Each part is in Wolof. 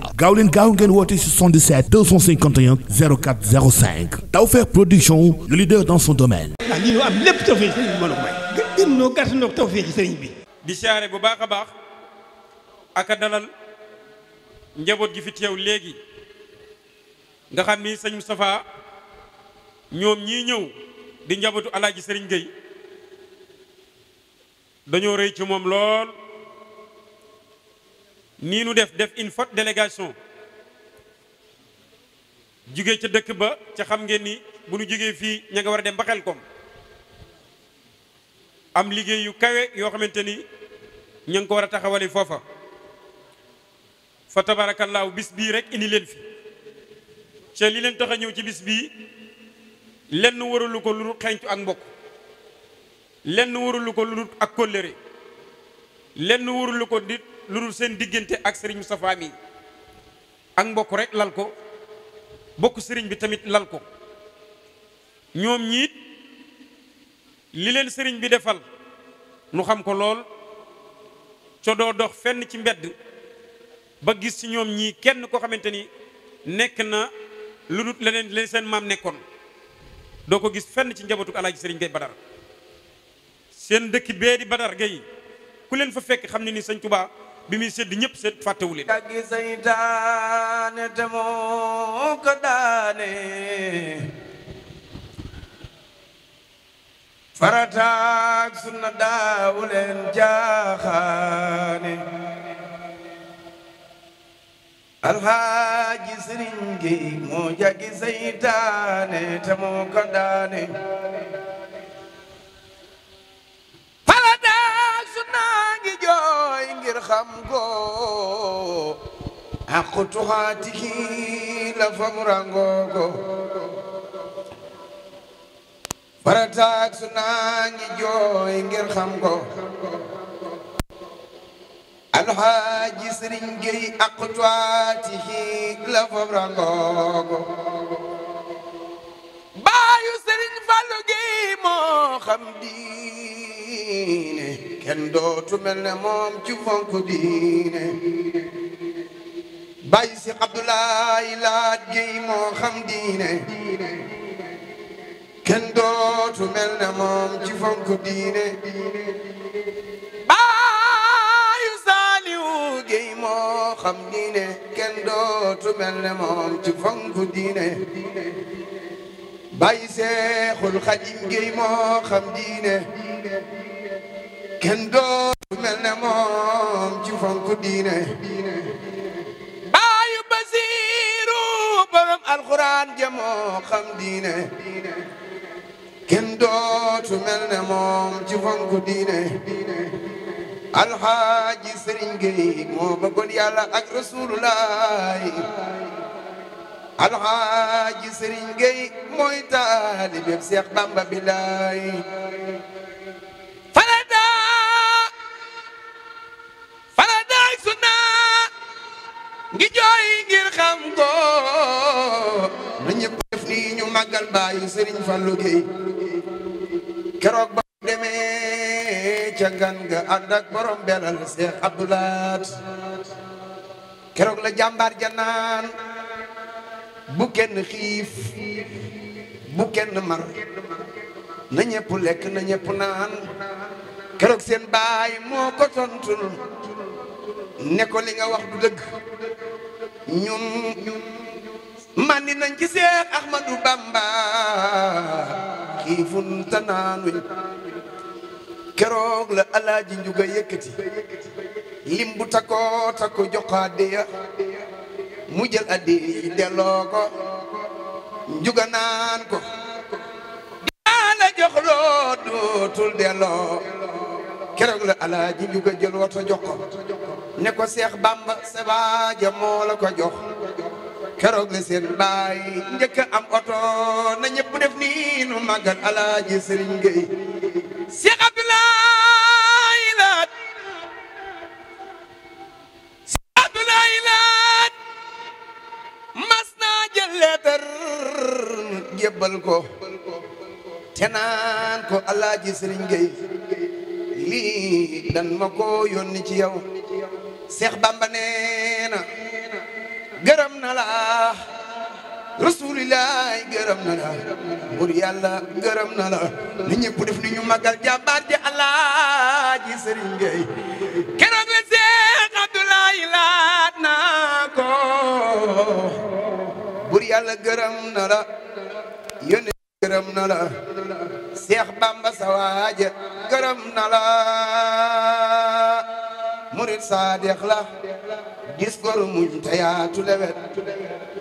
Dakar gaaw leen gaaw ngeen woote 77 251 04 05 Tawfekh Production le leader dans son domaine. ah lii ñu am lépp tawfeex sëriñ bi mën gën noo gàtt noo tawfeex sëriñ bi. di siyaare bu baax a baax ak dalal njaboot gi fi teew léegi nga xam ni sëñ Moustapha ñoom ñi ñëw di njabootu ji sëriñ Gueye dañoo rëy ci moom lool. nii nu def def une forte délégation jugee ca dëkk ba ca xam ngeen ni bu nu jugee fii ña nga war a dem ba xel Xelkom am liggéey yu kawe yoo xamante ni ña ngi ko war a taxawale foofa fa tabaarakallaahu bis bii rek indi leen fi te li leen tax ñëw ci bis bii lenn waralu ko lu dul ak mbokk lenn waralu ko lu dul ak kóllëre lenn waralu ko dit lu dul seen diggante ak sëriñ Moustapha mi ak mbokk rek lal ko bokk sëriñ bi tamit lal ko ñoom ñiit li leen sëriñ bi defal nu xam ko lool co dox fenn ci mbedd ba gis ci ñoom ñii kenn koo xamante ni nekk na lu dul leneen leen seen maam nekkoon doo ko gis fenn ci njabootu alaaji sëriñ Gay Badar seen dëkk bee di Badar Gay ku leen fa fekk xam ne ni sëñ Tuubaa bi muy sedd ñëpp sedd fàttewu leen kàggi te moo ko farataak sunna daawu jaaxaane alxaaji sëriñ gi moo jàggi saytaane te moo ko jooy ngir xam ko aqu tuxaati kii la fam rangoo baayu sëriñ Fallu géy moo xam diine kenn dootu mel ne moom ci fonk diine bàyyi si Abdoulaye Laat Géy moo xam diine kenn dootu mel ne moom ci fonk diine bàyyi Saaliwu Géy moo xam diine moo xam diine kenn dootu mel ne moom ci fonk diine baayu basiiru borom alxuraan jamoo xam diine kenn dootu mel ne moom ci fonk diine alxaaji sëriñ Géey moo bëggoon yàlla ak rasuulullaay alxaaji sëriñ Géey sunna ngi jooy ngir xam ko na ñëpp def ñu màggal bàyyi Serigne Fallou Gueye keroog ba demee ca ngan nga ànd ak borom belal Cheikh Abdoulaat keroog la jàmbaar ja naan bu kenn xiif bu kenn mar na ñëpp lekk na ñëpp naan keroog seen baay moo ko tontul ne li nga wax du dëgg ñun mandi nañ ci Seex Ahmadu Bamba kii funta naanuñ keroog la alaaji njuga yëkkati lim bu takkoo mu jël addiya delloo ko njuga naan ko dinaa la dootul delloo keroog la alaaji njuga jël woto jox ne ko seex bamba sebaaja moo la ko jox keroog la seen baay njëkk am oto na ñëpp def nii nu màggal alaaji sëriñ Gueye seex abdoulaye laat seex abdoulaye laat leetar jébbal ko te naan ko alaaji sëriñ Gueye lii dan ma ko yónni ci yow Seex Bamba nee na gërëm na la rasulilaay gërëm na la bur yàlla gërëm na la def ni ñu magal jàmbaar ji alaaji sëriñ Gey keroog la Seex Abdoulaye laat naa ko bur gërëm na la gërëm na Seex Bamba sa gërëm na murit saadex la gis gor te yaatu lewet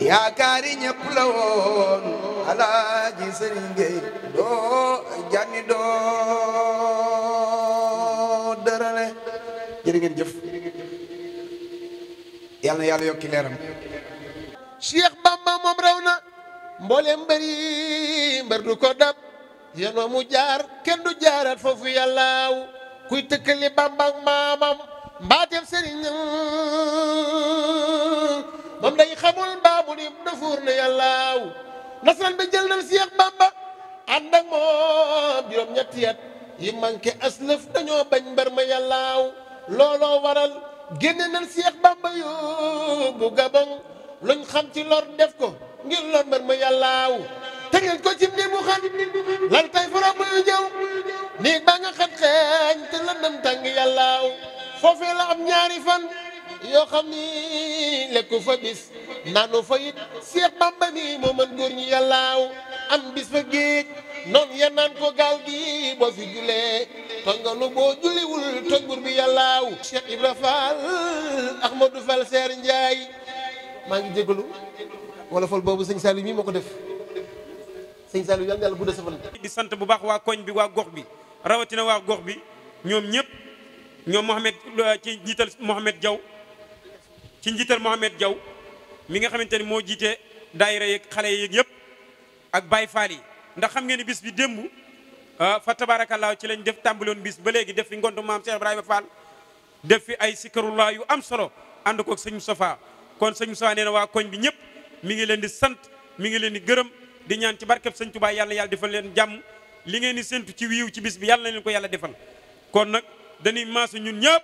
yaakaari ñëpp la woon alaaji sëriñ géey doo janni doo dërale jërë jëf yàlla na yàlla yokki leeram Cheikh Bamba moom raw na mboolem mbëri mbër du ko dab yoon wa mu jaar kenn du jaarat foofu yàllaaw kuy tëkkali Bamba maamam mbaateem sëriñ moom day xamul baabu ni dafuur ne yàllaaw nasran bi jël nam Seex Bamba ànd ak moom juróom ñetti at yi manqué aslëf dañoo bañ mbar ma yàllaaw looloo waral génne nañ Seex Bamba yóbbu Gabon luñ xam ci lor def ko ngir lor mbar ma yàllaaw te ngeen ko ci nii mu xat lan tey fara buyu jëw nii ba nga xat te lan nam tàng foofee la am ñaari fan yoo xam ni lekku fa bis naanu fa it Seex Bàmba mi moo mën góor ñi yàllaaw am bis fa géej noonu ya ko gaal gi boo fi julee tooñ nga nu boo julliwul tooñ buur bi yàllaaw Cheikh Ibra Fall Ahmadou Fall Seer Njaay maa ngi jégalu wala fol boobu sëñ Saliou mii moo ko def sëñ Saliou yàlla yàlla budda safal di sant bu baax waa koñ bi waa gox bi rawatina waa gox bi ñoom ñëpp ñoom Mohamed euh, ci njiital Mohamed jaw ci njiital Mohamed Diaw mi nga xamante ni moo jiitee daayira yeeg xale yeeg yëpp ak baay Fall yi ndax xam ngeen ni bis bi démb euh, fa tabaarakallaa ci lañ def tàmbaloon bis ba léegi def fi ngontu maam Cheikh Ibrahima Fall def fi ay sikkarulaa yu am solo ànd koog sëñu Moustapha kon sëñ Moustapha nee na waa koñ bi ñëpp mi ngi leen di sant mu ngi leen di gërëm di ñaan ci barkeb sëñ Tuubaa yàlla yàlla defal leen jàmm li ngeen di séntu ci wiiw ci biis bi yàlla na ko yàlla defal dañuy maase ñun ñëpp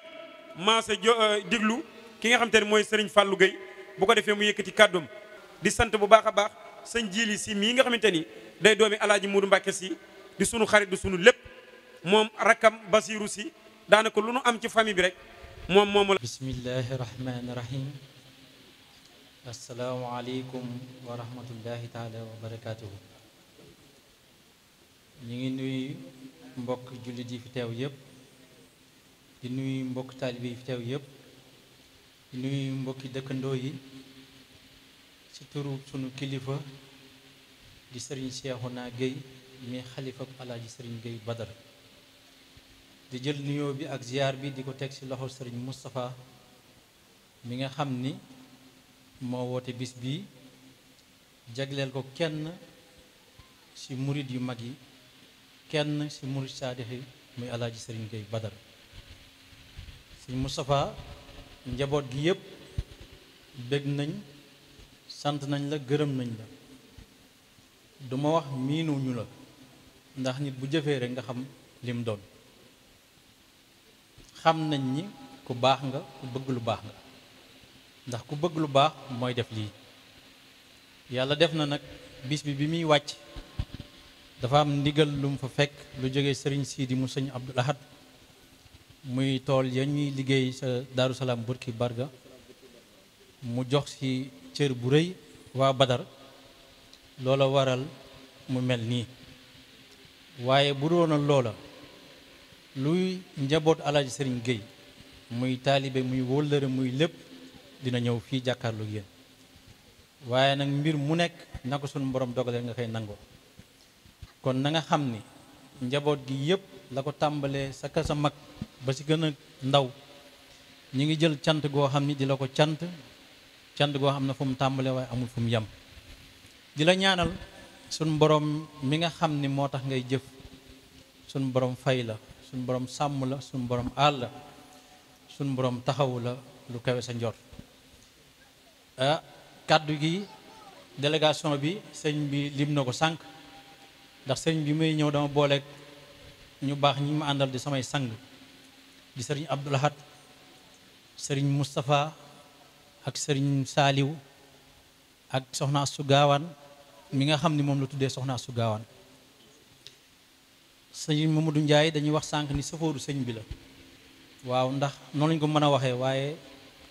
maase jo euh, diglu ki nga xamte te ne mooy Serigne Fallou Gueye bu ko defee mu yëkkati kàddoom di sant bu baax a baax sëñ Jili si mii nga xamante ni day doomi alaaji Muudu Mbàkke si di suñu xarit di sunu lépp moom rakkam Basiiru si daanaka lu nu am ci famille bi rek moom moomu la bismillahi rahmaani rahim asalaamaaleykum wa rahmatullahi taala wa barakaatuhu ñu ngi nuyu mbokk jullit yi fi teew yëpp di nuyu mbokk taalibe yi fi teew yëpp di nuyu mbokki dëkkandoo yi ci turu sunu kilifa di sëriñ Cheikhouna Gueye mi xalifa alaaji sëriñ Gueye Badar di jël nuyoo bi ak ziar bi di ko teg ci loxo sëriñ Moustapha mi nga xam ni moo woote bis bii jagleel ko kenn ci murit yu mag yi kenn ci murit saadixi muy alaaji sëriñ Gueye Badar sëñ Moustapha njaboot gi yëpp bég nañ sant nañ la gërëm nañ la duma wax miinuñu la ndax nit bu jëfee rek nga xam lim doon xam nañ ni ku baax nga ku bëgg lu baax nga ndax ku bëgg lu baax mooy def lii yàlla def na nag bis bi bi muy wàcc dafa am ndigal lu mu fa fekk lu jóge sëriñ Sidi mu sëñ Abdul Ahad muy tool ya ñuy liggéey sa Daaru Salaam Burki Barga mu jox ci cër bu rëy waa Badar loola waral mu mel nii waaye bu doona loola luy njaboot alaaji Sëriñ Géey muy taalibe muy wóllëre muy lépp dina ñëw fii jàkkaarlu yéen waaye nag mbir mu nekk na ko sunu borom dogale nga koy nangoo kon nanga xam ni njaboot gi yépp la ko tàmbalee sa ka sa mag ba si gën a ndaw ñi ngi jël cant goo xam ni di la ko cant cant goo xam ne fu mu tàmbalee waaye amul fu mu yem di la ñaanal suñ borom mi nga xam ni moo tax ngay jëf suñ borom fay la suñ borom sàmm la suñ borom aal suñ borom taxawu la lu kawe sa njor ah kàddu gi délégation bi sëñ bi lim na ko sànq ndax sëñ bi muy ñëw dama booleek ñu baax ñi ma àndal di samay sang di sëriñ Abdul Ahad sëriñ mustafaa ak sëriñ Saaliw ak soxna su Gaawaan mi nga xam ni moom la tuddee soxna su Gaawaan sëriñ Mamadou njaay dañuy wax sànq ni safóoru sëñ bi la waaw ndax noonu lañ ko mën a waxe waaye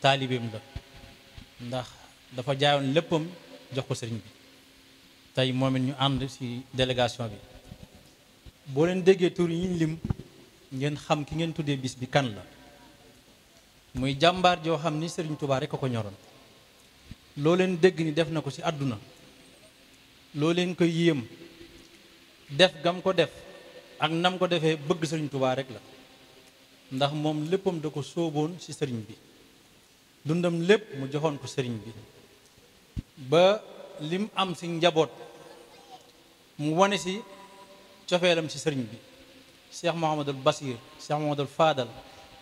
taalibeem la ndax dafa jaayoon léppam jox ko sëriñ bi tey moom ñu ànd ci délégation bi boo leen déggee tur yi ñu lim ngeen xam ki ngeen tuddee bis bi kan la muy jàmbaar joo xam ni sëriñ Touba rek a ko ñoroon loo leen dégg ni def na ko ci àdduna loo leen ko yéem def gam ko def ak nam ko defee bëgg Serigne Touba rek la ndax moom léppam da ko sóoboon ci Serigne bi dundam lépp mu joxoon ko sëriñ bi ba lim am si njaboot mu wane si cofeelam ci sëriñ bi cheikh Mouhamadul Basir cheikh Mouhamadul Fadal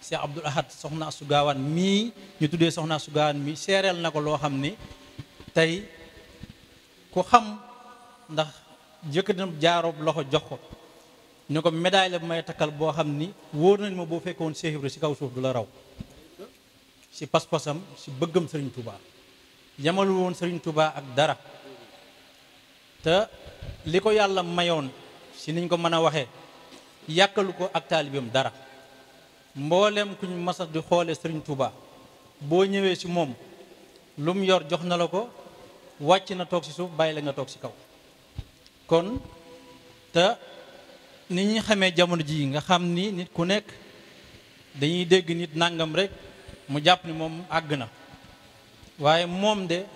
cheikh Abdoul Ahad soxna Astou mii ñu tuddee soxna Astou Gawane mii seereel na ko loo xam ni tey ku xam ndax jëkkati jaaroob loxo jox ko ñu ko médaille la bu may takkal boo xam ni wóor nañ ma boo fekkoon Cheikh Ibra si kaw suuf du la raw ci pas-pasam si bëggam Serigne Touba yamalu woon Serigne Touba ak dara te li ko yàlla mayoon si niñ ko mën a waxe yàkkalu ko ak taalibeem dara mboolem kuñ masa di xoole sëriñ Touba boo ñëwee si moom lu yor jox na la ko wàcc na toog si suuf bàyyi la nga toog ci kaw kon te ni ñu xamee jamono ji nga xam ni nit ku nekk dañuy dégg nit nangam rekk mu jàpp ni moom àgg na waaye moom de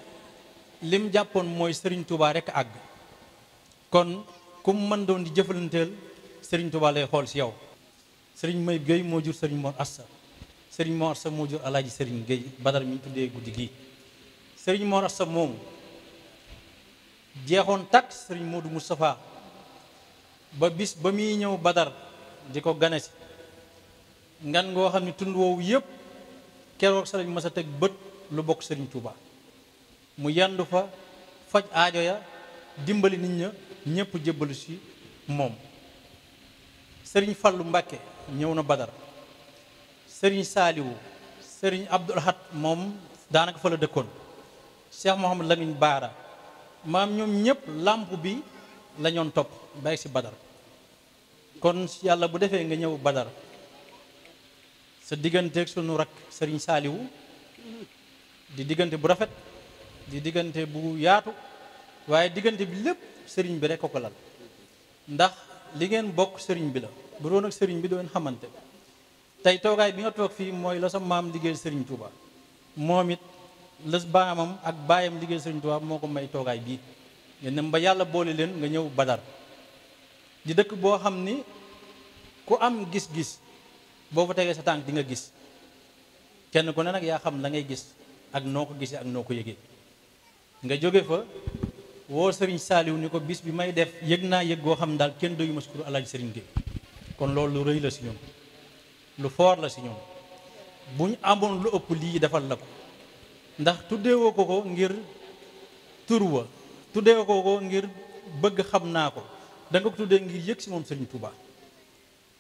lim jàppoon mooy sëriñ Touba rek àgg kon ku man doon di jëfalanteel sëriñ Touba xool si yow sëriñ May géy moo jur Serigne Mor Assa Serigne Mor Assa moo jur Alaaji Serigne Gueye Badar mi ñu guddi gii Serigne Mor moomu jeexoon takk Serigne Modou Moustapha ba bis ba muy ñëw Badar di ko gane si ngan ngoo xam ne tund woowu yëpp keroog sa lañ mas a teg bët lu bokk Serigne Touba mu yandu fa faj aajo ya dimbali nit ña ñëpp jébbalu ci moom sëriñ Fallou Mbacke ñëw na Badar sëriñ Saaliwu sëriñ Abdul Ahad moom daanaka fa la dëkkoon Cheikh Mouhamad Lamine Baara maam ñoom ñëpp làmp bi la ñoon topp ba ci Badar kon yàlla bu defee nga ñëw Badar sa diggante ak sunu rakk sëriñ Saaliwu di diggante bu rafet di diggante bu yaatu waaye diggante bi lépp sëriñ bi rek ko lal ndax li ngeen bokk sëriñ bi la bu doon ak sëriñ bi doon xamante tey toogaay bi nga toog fii mooy la sa maam liggéey sëriñ Touba moom it la baamam ak baayam liggéey sëriñ Touba moo ko may toogaay bii ngeen dem ba yàlla boole leen nga ñëw Badar di dëkk boo xam ni ku am gis-gis boo fa tegee sa tànk di nga gis kenn ku ne nag yaa xam la ngay gis ak noo ko gisee ak noo ko yëgee nga jóge fa woo Serigne Saliou ni ko bis bi may def yëg naa yëg goo xam daal kenn doyu ma sukuru alaaji Serigne Gueye kon loolu lu rëy la si ñoom lu foor la si ñoom bu ñu amoon lu ëpp lii defal la ko ndax tuddeewoo ko ko ngir turwa wa ko ko ngir bëgg xam naa ko da nga ko tuddee ngir yëg si moom Serigne Touba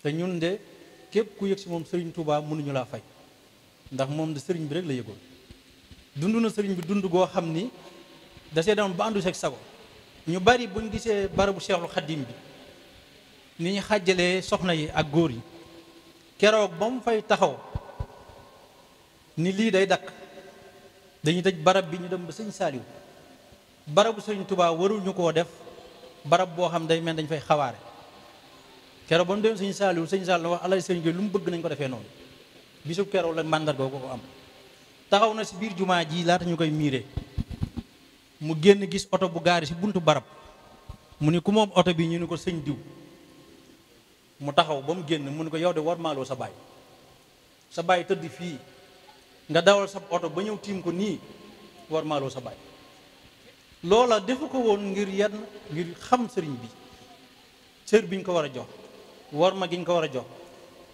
te ñun de képp ku yëg si moom Serigne Touba mënuñu laa fay ndax moom de Serigne bi rek la yëgoon dund na Serigne bi dund goo xam ni. da see demoon ba sago ñu bari buñ gisee barabu Seexul Xaddim bi ni ñu xàjjalee soxna yi ak góor yi keroog ba mu fay taxaw ni lii day dakk dañuy tëj barab bi ñu dem ba sëñ Saaliw barabu sëñ tubaab waruñu koo def barab boo xam day mel dañ fay xawaare keroog ba mu dem sëñ Saaliw sëñ Saaliw wax alal sëñ gi lu mu bëgg nañ ko defee noonu bisub keroog la màndargoo ko ko am taxaw na si biir jumaa ji laata ñu koy miire mu génn gis oto bu gaari si buntu barab mu ni ku moom oto bi ñu ni ko sëñ diw mu taxaw ba mu génn mu ni ko yow de war maaloo sa baay sa baay tëdd fii nga dawal sa oto ba ñëw tiim ko nii war maaloo sa baay loola defu ko woon ngir yenn ngir xam sëriñ bi sër biñ ko war a jox war ma giñ ko war a jox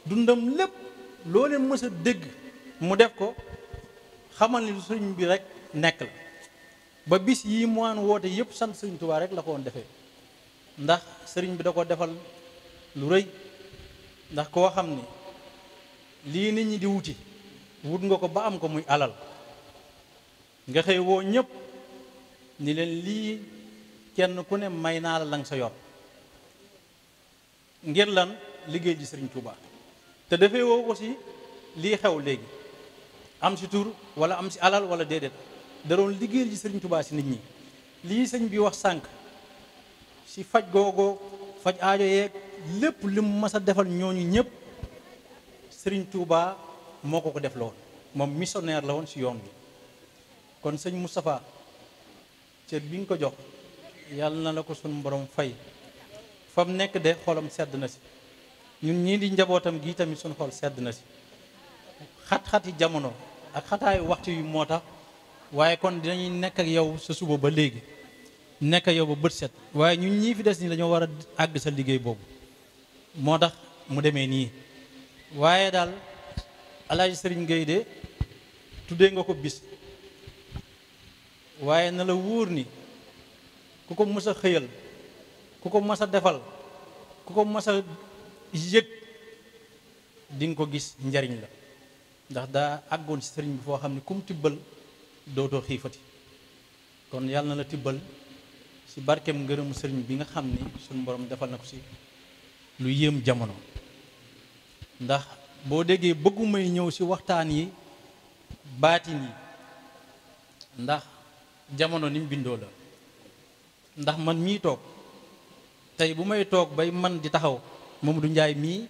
dundam lépp loo leen mës dégg mu def ko xamal ni lu sëriñ bi rekk nekk la ba bis yi mu waan woote yëpp sant sëriñ Tuubaa rek la ko woon defee ndax sëriñ bi da ko defal lu rëy ndax koo xam ni lii nit ñi di wuti wut nga ko ba am ko muy alal nga xëy woo ñëpp ni leen lii kenn ku ne may naa la lang sa yor ngir lan liggéey ji sëriñ Tuubaa te dafay woo ko si lii xew léegi am si tur wala am si alal wala déedéet da doon liggéeyal ji sëriñ tubaa si nit ñi lii sëñ bi wax sànq si faj googoo faj aajo yeeg lépp lim mas a defal ñooñu ñëpp sëriñ tuubaa moo ko ko def la woon moom missionnaire la woon si yoon bi kon sëñ Moustapha cër bi nga ko jox yàlla na la ko suñu mboroom fay fa mu nekk de xolam sedd na si ñun ñii di njabootam gii tamit suñu xol sedd na si xat-xati jamono ak xataayu waxtu yu moo tax waaye kon dinañuy nekk ak yow sa suba ba léegi nekk yow ba bët set waaye ñu ñii fi des ni dañoo war a àgg sa liggéey boobu moo tax mu demee nii waaye daal alaaj sëriñ Gueye de tuddee nga ko bis waaye na la wóor ni ku ko mës a xëyal ku ko mës a defal ku ko mës a yëg di ko gis njariñ la ndax daa àggoon sëriñ bi foo xam ne kum tibbal dootoo xiifati kon yàlla na la tibbal ci barkeem ngërëmu sëriñ bi nga xam ni suñu borom defal na ko si lu yéem jamono ndax boo déggee bëggumay ñëw ci waxtaan yi baatin yi ndax jamono ni mu bindoo la ndax man mii toog tey bu may toog bay man di taxaw du Njaay mii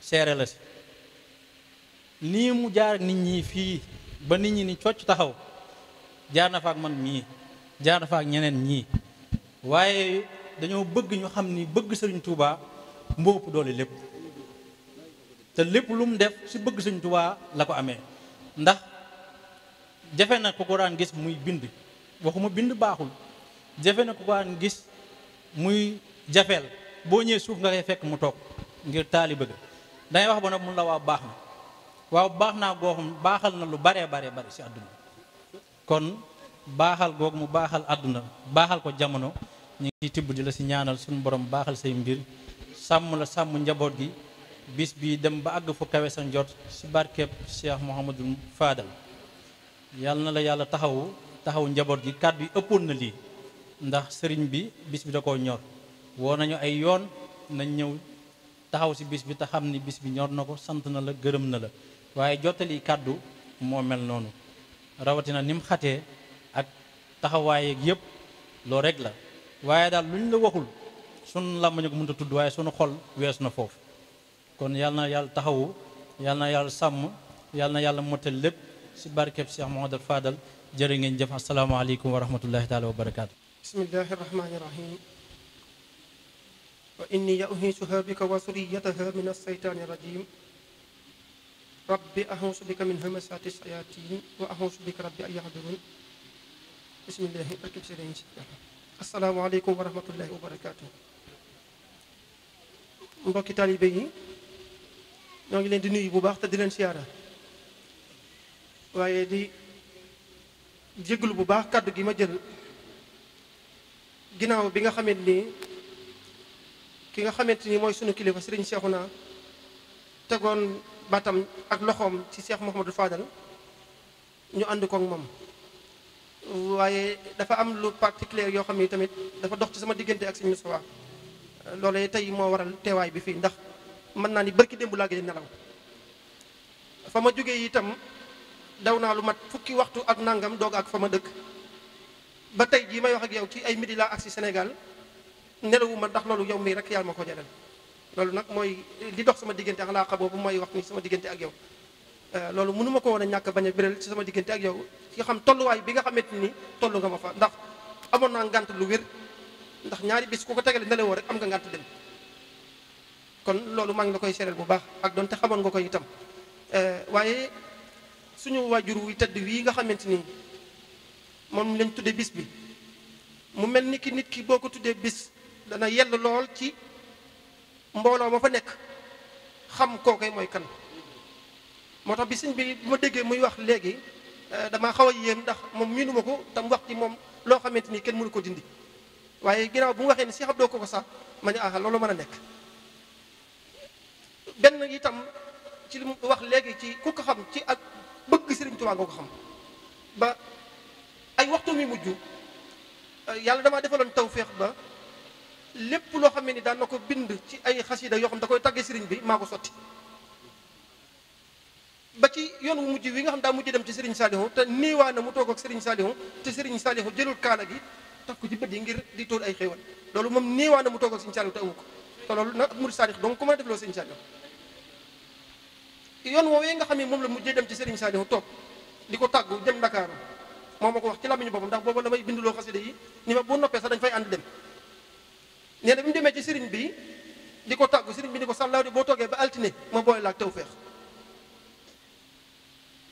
seere la si nii mu jaar nit ñi fii ba nit ñi ni cocc taxaw jaar na fa ak man mii jaar na fa ak ñeneen ñii waaye dañoo bëgg ñu xam ni bëgg sëriñ Touba moo ëpp doole lépp te lépp lu mu def si bëgg sëriñ Touba la ko amee ndax jafe na ku ko daan gis muy bind waxuma bind baaxul jafe na ku ko daan gis muy jafeel boo ñëwee suuf nga koy fekk mu toog ngir taali ga dangay wax ba nag mun la waa baax na waaw baax naa goo baaxal na lu baree baree bari si àdduna kon baaxal googu mu baaxal àdduna baaxal ko jamono ñi ngi tibb di la si ñaanal suñu borom baaxal say mbir sàmm la sàmm njaboot gi bis bi dem ba àgg fu kawe sa njot si barkeb Cheikh Mouhamadul faadal yàlla na la yàlla taxawu taxaw njaboot gi kàddu bi ëppoon na lii ndax sëriñ bi bis bi da koo ñor woo nañu ay yoon nañ ñëw taxaw si bis bi te xam ni bis bi ñor na ko sant na la gërëm na la waaye jottali kàddu moo mel noonu rawatina ni mu xatee ak taxawaay yépp yëpp loo rek la waaye daal lu ñu la waxul sunu làmmañu ko mënut a tudd waaye sunu xol wees na foofu kon yal na yàlla taxawu yal na yàlla sàmm yal na yàlla motal lépp si barkeb Cheikh Mouhamadou Fadal jërë ngeen jëf asalaamaaleykum wa rahmatullahi taala wa barakaatu bismillahi rahmaani rahim wa inni uhiisuha bika wa suriyataha min asseytaani rajim rabbi ahuusu bika min hamasaati sayaatiin wa ahuusu bika rabbi an yahduruun bismillaahi barkib sëriñ si assalaamu aleykum wa rahmatullaahi wa yi ñoo ngi leen di nuyu bu baax te di leen siyaara waaye di bu baax kàddu gi ma jël bi nga xamante ni ki nga xamante ni mooy sunu kilifa sëriñ Seexuna tegoon batam ak loxoom ci Cheikh Mouhamadou Fadal ñu ànd koog moom waaye dafa am lu particulier yoo xam ni tamit dafa dox ci sama diggante ak sëñ Moustapha loolee tey moo waral teewaay bi fii ndax mën naa ni barki démb nelaw fa ma jógee itam daw naa lu mat fukki waxtu ak nangam doog ak fa ma dëkk ba tey jii may wax ak yow ci ay midi laa agsi Sénégal nelawuma ndax loolu yow mii rek yàlla ma ko jaral loolu nag mooy li dox sama diggante alaaqa boobu mooy wax ni sama diggante ak yow euh, loolu mënu ko woon a ñàkk bañ a biral ci sama diggante ak yow ci xam tolluwaay bi nga xamante ni tollu nga ma fa ndax amoon naa ngànt lu wér ndax ñaari bis ku ko tegale ne la woo rek am nga ngànt dem kon loolu maa ngi koy seereel bu baax ak doonte xamoon nga koy itam euh, waaye suñu waajur wi tëdd wii nga xamante ni moom lañ tudde bis bi mu mel ni ki nit ki boo ko tuddee bis dana yell lool ci mbooloo ma fa nekk xam kookoy mooy kan moo tax bi sëñ bi bu ma déggee muy wax léegi euh, damaa xaw a yéem ndax moom miinuma ko tam wax ci moom loo xamante ni kenn mënu ko dindi waaye ginnaaw bu mu waxee ni si doo ko ko sax ma ne ah loolu mën a nekk benn itam ci li wax léegi ci ku ko xam ci ak bëgg Sëriñ Tuubaa nga ko xam ba ay waxtu mi mujj euh, yàlla damaa defaloon feex ba lépp loo xam ne ni daan na ko bind ci ay xasida yoo xam da koy tàggee sëriñ bi maa ko sotti ba ci yoon wu mujj wi nga xam daa mujj dem ci sëriñ Saalihu te niiwaa na mu toog ak sëriñ Saalihu te sëriñ Saalihu jëlul kaala gi taf ko ci bët yi ngir di tóol ay xéewal loolu moom niiwaa na mu toog ak sëriñ Saalihu te ko te nag murid Saalihu donc ku mën a defloo sëriñ Saalihu yoon woowee nga xam ne moom la mujjee dem ci sëriñ Saalihu toog di ko tàggu dem Ndakaaru moo ma ko wax ci làmmiñu boppam ndax booba la may binduloo xasida yi ni ma bu noppee sax dañ fay ànd tàggu bi ni ko sàllaaw de boo toogee ba altine ma booy laak taw feex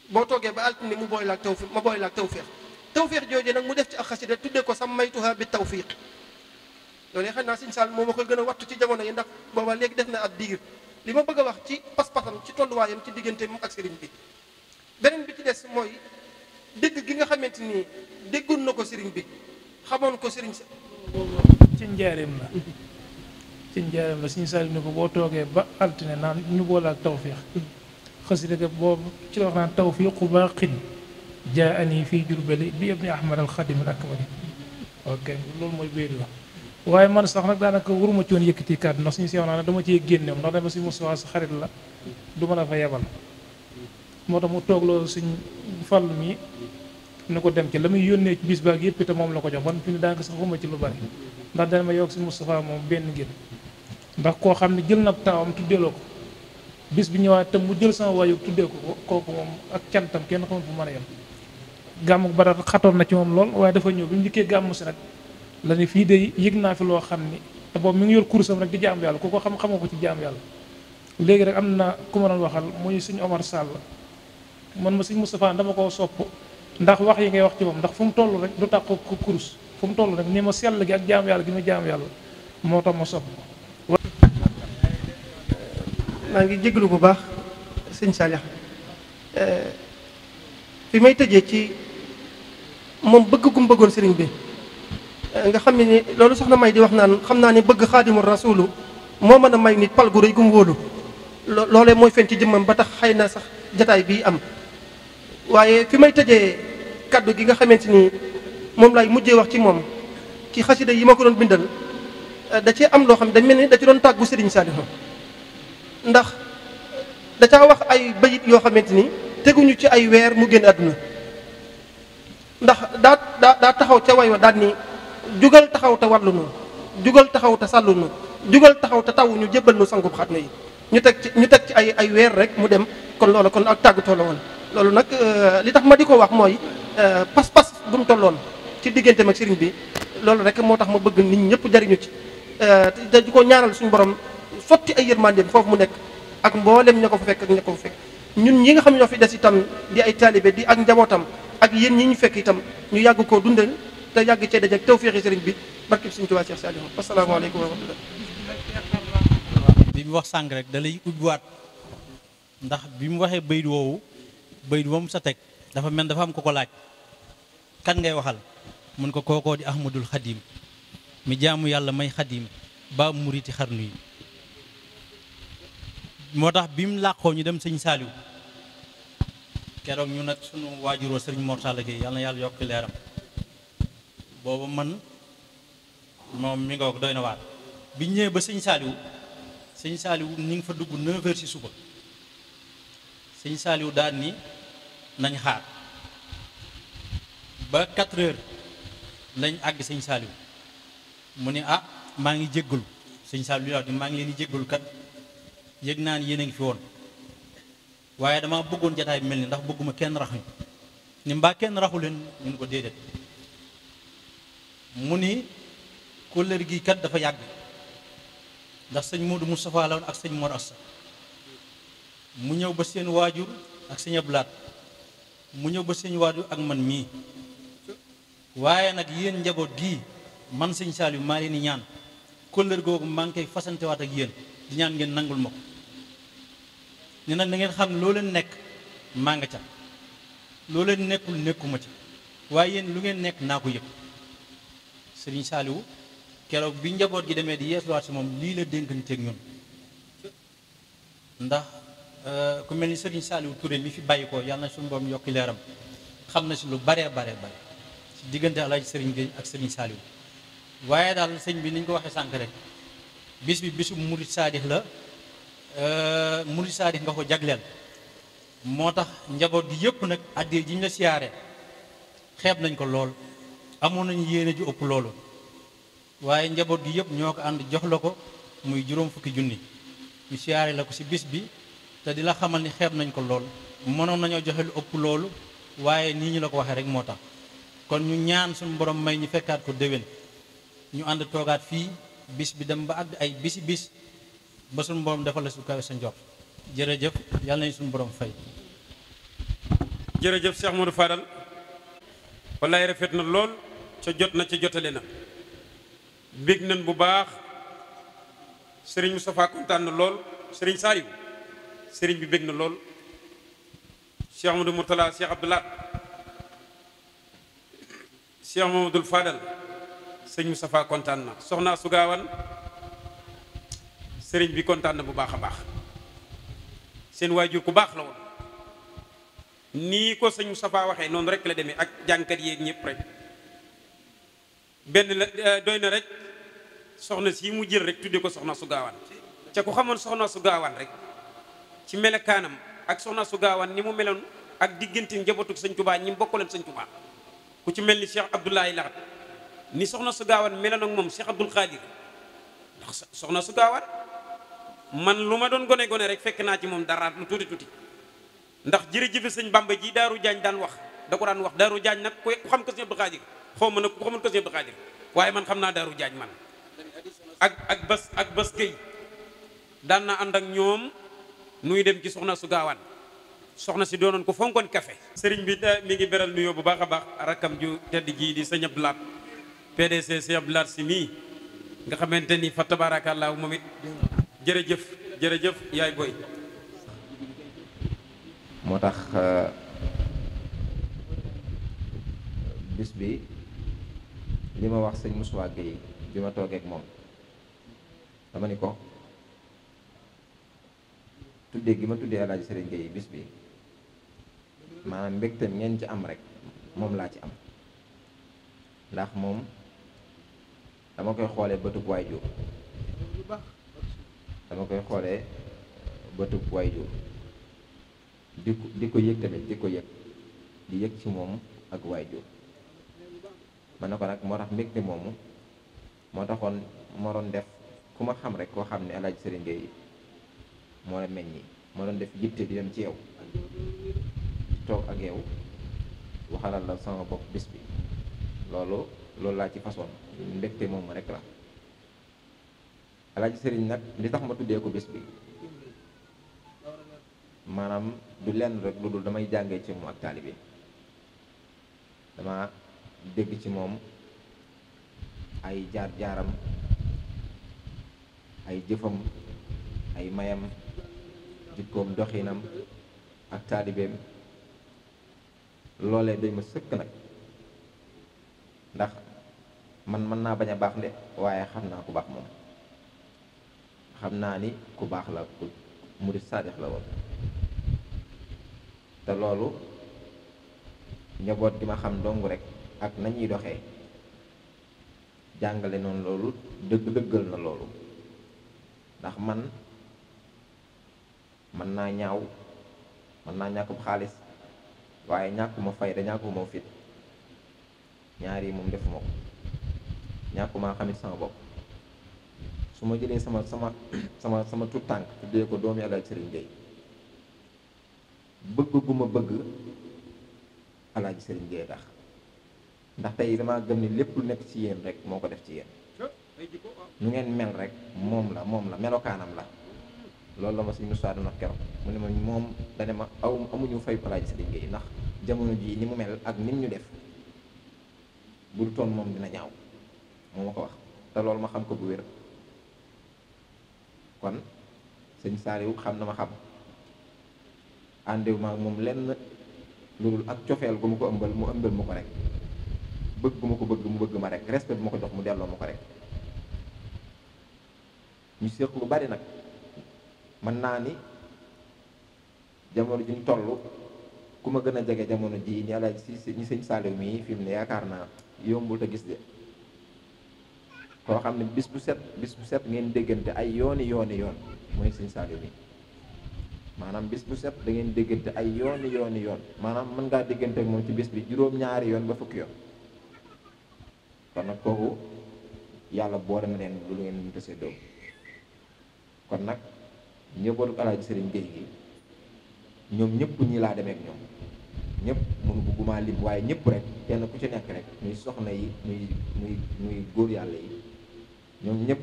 boo toogee ba altine mu booy laak taw ma booy laak taw feex taw feex jooju nag mu def ci ak xasida tuddee ko sammaytuha bi tawfiq loolu xam naa sëñ Sall moom ma koy gën a wattu ci jamono yi ndax booba léegi def na ab diir li ma bëgg a wax ci pas-pasam ci tolluwaayam ci diggante moom ak sëriñ bi beneen bi ci des mooy dégg gi nga xamante ni déggoon na ko sëriñ bi xamoon ko sëriñ sa ci njaareem la ci njaaram la suñu saali ni ko boo toogee ba altine naan ñu boole ak tawfiix xasida ga boobu ci la wax naan tawfiiqu baaqin jaa ani fii jurbeli bi ibni ahmad alxadim al akbari ok loolu mooy béeri la waaye man sax nag daanaka waruma ci woon yëkkati kàddu ndax suñu seew naa ne dama cee génnew ndax dama si musuwaa sa xarit la du mën a fa yebal moo tax mu toog loolu suñ fàll mi na ko dem ci la muy yónnee ci bis yëpp itam moom la ko jox ban fi ne daanaka sax ci lu bari ndax ma yokk si benn ngir ndax koo xam ne jël nag taawam tuddeeloo ko bis bi ñëwaat tam mu jël sama wayu tuddee ko kooku moom ak cantam kenn xamul bu mën a yem gàmmu Badar xatoon na ci moom lool waaye dafa ñëw bi mu dikkee gàmmu si nag la ne fii de yëg naa fi loo xam ni te boobu mu ngi yor kurusam rek di jaam yàlla ku ko xam xamoo ko ci jaam yàlla léegi rek am na ku ma doon waxal muy suñu Omar Sall man ma suñ Moustapha dama koo sopp ndax wax yi ngay wax ci moom ndax fu mu toll rek du tàqu ko kurs fu mu toll rek ni ma sell gi ak yàlla gi ma jaam yàlla moo tax ma sopp maa ngi jéglu bu baax sëñ Saalix eh, fi may tëjee ci moom bëgg gum bëggoon sëriñ bi eh, nga xam ne ni loolu soxna may di wax naan xam naa ne bëgg xaadimu rasulu moo mën a may nit pal gu rëy gum wóolu loolee mooy fen ci jëmmam ba tax xay na sax jataay bii am waaye fi may tëjee kaddu gi nga xamante ni moom laay mujjee wax ci moom ci xasida yi ma ko doon bindal eh, da cee am loo xam da mel ni da ci doon tàggu sëriñ Saalix ndax da caa wax ay bëyit yoo xamante ni teguñu ci ay weer mu génn àdduna ndax daa daa daa taxaw ca way wa daal ni jugal taxaw te wallu nu jugal taxaw te sàllu nu jugal taxaw te tawuñu jébbal nu sangub xat na yi ñu teg ci ñu teg ci ay ay weer rek mu dem kon loolu kon ak tàggatoo la woon loolu nag euh, li tax ma di ko wax mooy euh, pas-pas bu mu tolloon ci digganteem ma sëriñ bi loolu rek moo tax ma bëgg nit ñëpp jariñu ci euh, te di ko ñaanal suñu borom sotti ay yërmandeem foofu mu nekk ak mboolem ña ko fa fekk ak ña ko ñun ñi nga xam ñoo fi des itam di ay taalibe di ak njabootam ak yéen ñi ñu fekk itam ñu yàgg koo dundal te yàgg cee dajak tawféexi sëriñ bi barkib sëriñ Tuubaa Cheikh Saliou asalaamaaleykum wa rahmatullah bi mu wax sànq rek da lay ubbiwaat ndax bi mu waxee bayit woowu bayit woowu sa teg dafa mel dafa am ko ko laaj kan ngay waxal mun ko kookoo di ahmadul xadim mi jaamu yàlla may xadim ba muriti xarnu yi moo tax bi mu làqoo ñu dem sëñ Saaliw keroog ñu nag suñu waajuroo sëriñ Mortalla Gueye yal yàlla yàlla yokk leeram boobu man moom mi ngoog doy na waar bi ñëwee ba sëñ Saaliw sëñ Saaliw ni ngi fa dugg 9h si suba sëñ Saaliw daan ni nañ xaar ba 4h lañ àgg sëñ Saaliw mu ni ah maa ngi jéggalu sëñ Saaliw yaa ni maa ngi leen di jéggalu kat yëg naa ni yéen a ngi fi woon waaye damaa bëggoon jataay bi mel ni ndax bëgguma kenn raxuñ ni mbaa kenn raxu leen ñu ko déedéet mu ni kóllër gi kat dafa yàgg ndax sëñ Modou Moustapha la woon ak sëñ Mor mu ñëw ba seen waajur ak sëñ Ablaat mu ñëw ba seen waajur ak man mii waaye nag yéen njaboot gii man sëñ Saliou maa leen di ñaan kóllër googu maa ngi koy fasantewaat ak yéen di ñaan ngeen nangul ma ko ni nag na ngeen xam loo leen nekk maa nga ca loo leen nekkul nekkuma ca waaye yéen lu ngeen nekk naa ko yëg sëriñ Saaliwu keroog bi njaboot gi demee di yeesluwaat si moom lii la dénkanteeg ñun ndax euh, ku mel ni sëriñ Saaliwu Touré fi bàyyi ko na suñu borom yokki leeram xam na si lu baree baree bare si diggante alaaji sëriñ Gueye ak sëriñ Saaliwu waaye daal sëñ bi ni ko waxee sànq rek bis bi bisu murit saadix la Euh, murid saadix nga ko jagleel moo tax njaboot gi yëpp nag addiya ji ñu la siyaare xeeb nañ ko lool amoon nañu yéene ju ëpp loolu waaye njaboot gi yëpp ñoo ko ànd jox la ko muy juróom fukki junni ñu siyaare la ko ci bis bi te di la xamal ni xeeb nañ ko lool mënoon nañoo joxe lu ëpp loolu waaye nii ñu la ko waxee rek moo tax kon ñu ñaan suñu borom may ñu fekkaat ko déwén ñu ànd toogaat fii bis bi dem ba àgg ay bisi bis ba suñu borom defal la su kawe sa njort jërëjëf yàlla nañu suñu borom fay. jërëjëf Cheikh Modou Fadal wallaay rafet na lool ca jot na ca jotale na bég nañ bu baax Serigne Moustapha kontaan na lool Serigne Saliou Serigne bi bég na lool Cheikh Modou Mourtala Cheikh Abdoulaye Cheikh Mamadou Fadal sëñ Moustapha kontaan na soxna Sugaawan sëriñ bi kontaan na bu baax a baax seen waajur ku baax la woon nii ko sëñ Moustapha waxee noonu rekk la demee ak jànkat yeeg ñëpp rek benn la eh, doy na rek soxna si mu jël rek tudde ko soxna su gaawaan ca ku xamoon soxna su gaawaan rek ci melokaanam ak soxna su gaawaan ni mu meloon ak diggante njabootu sëñ Touba ñi bokkuleen sëñ Touba ku ci mel ni Cheikh Abdoulaye Lahat ni soxna su gaawaan meloon ak moom Cheikh Abdoul Khadir ndax soxna su gaawaan man lu ma doon gone gone rek fekk naa ci moom dara lu tuuti tuuti ndax jërëjëf sëñ Bamba ji Daaru Jaañ daan wax da ko daan wax Daaru Jaañ nag ku xam ko sëñ Abdou Khadir xaw ma nag ku xamul ko sëñ Abdou waaye man xam naa Daaru Jaañ man ak ak bas ak bas daan na ànd ak ñoom nuy dem ci soxna su gaawaan soxna si doonoon ko fonkoon kafe sëriñ bi eh, mi ngi beral nuyoo bu baax a baax rakkam ju tedd jii di sëñ Abdou Lahat PDC sëñ Abdou si mii nga xamante ni fa tabaarakallaahu moom it jërëjëf jërëjëf yaay boy moo tax euh, bis bi li ma wax sëñ Moussa géey bi ma toogee moom dama ni ko tuddee gi ma tuddee alaaji sëriñ Gueye bis bi maanaam mbegte ngeen ci am rek moom laa ci am ndax moom dama koy xoolee bëtub waay jóg dama koy xoolee bëtub waajur di ko di ko yëg tamit di ko yëg di yëg ci moom ak waajur ma ne ko nag moo tax mbégte moomu moo taxoon moo doon def ku ma xam rek koo xam ne El Hadj Serigne Gueye moo la meññi moo doon def yitte di dem ci yow toog ak yow waxalal la sama bokk bis bi loolu loolu laa ci façon mbégte moomu rek la. alaaji sëriñ nag li tax ma tuddee ko bés bi maanaam du lenn rek lu dul damay jàngee ci moom ak taalibe dama dégg ci moom ay jaar-jaaram ay jëfam ay mayam jikkoom doxinam ak taalibeem loole doy ma sëkk nag ndax man mën naa bañ a baax de waaye xam naa ko baax moom xam naa ni ku baax la ku murid saadix la woon te loolu njaboot gi ma xam dong rek ak nañuy doxee jàngale noonu loolu dëgg dëggal na loolu ndax man mën naa ñaaw mën naa ñàkkum xaalis waaye ñàkkuma fayda ñàkkuma fit ñaari moom defuma ko ñàkkumaa xamit sama bopp su ma jëlee sama sama sama sama tànk tuddee ko doomi alaaj sëriñ Gueye bëgg gu ma bëgg alaaj sëriñ Gueye tax ndax tey dama gëm ni lépp lu nekk ci yéen rek moo ko def ci yéen nu ngeen mel rek moom la moom la melokaanam la loolu la si suñu Moussa na wax keroog mu ne ma moom dane ma aw amuñu fay alaaji Sëriñ Gueye ndax jamono jii ni mu mel ak nit ñu def bul toon moom dina ñaaw moo ma wax te loolu ma xam ko bu wér kon sëñ Saaliwu xam na ma xam àndewu ma moom lenn loolu ak cofeel gu ma ko ëmbal mu ëmbal ma ko rek bëgg gu ma ko bëgg mu bëgg ma rek respect bu ma ko jox mu delloo ma ko rek ñu séq lu bari nag mën naa ni jamono ji ñu toll ku ma gën a jege jamono ji ñi alaaj si ñi sëñ Saaliw mii fi mu ne yaakaar naa yombul te gis de koo xam ne bis bu set bis bu set ngeen déggante ay yooni yooni yoon mooy sëñ Saliou bi maanaam bis bu set dangeen déggante ay yooni yooni yoon maanaam mën ngaa déggante ak moom ci bis bi juróom-ñaari yoon ba fukki yoon kon nag kooku yàlla boole na leen lu ngeen mënta séddoo kon nag njabootu alaaji sëriñ Gueye gi ñoom ñëpp ñi laa demee ñoom ñëpp mënu bëgguma lim waaye ñëpp rek kenn ku ci nekk rek muy soxna yi muy muy muy góor yàlla yi ñoom ñëpp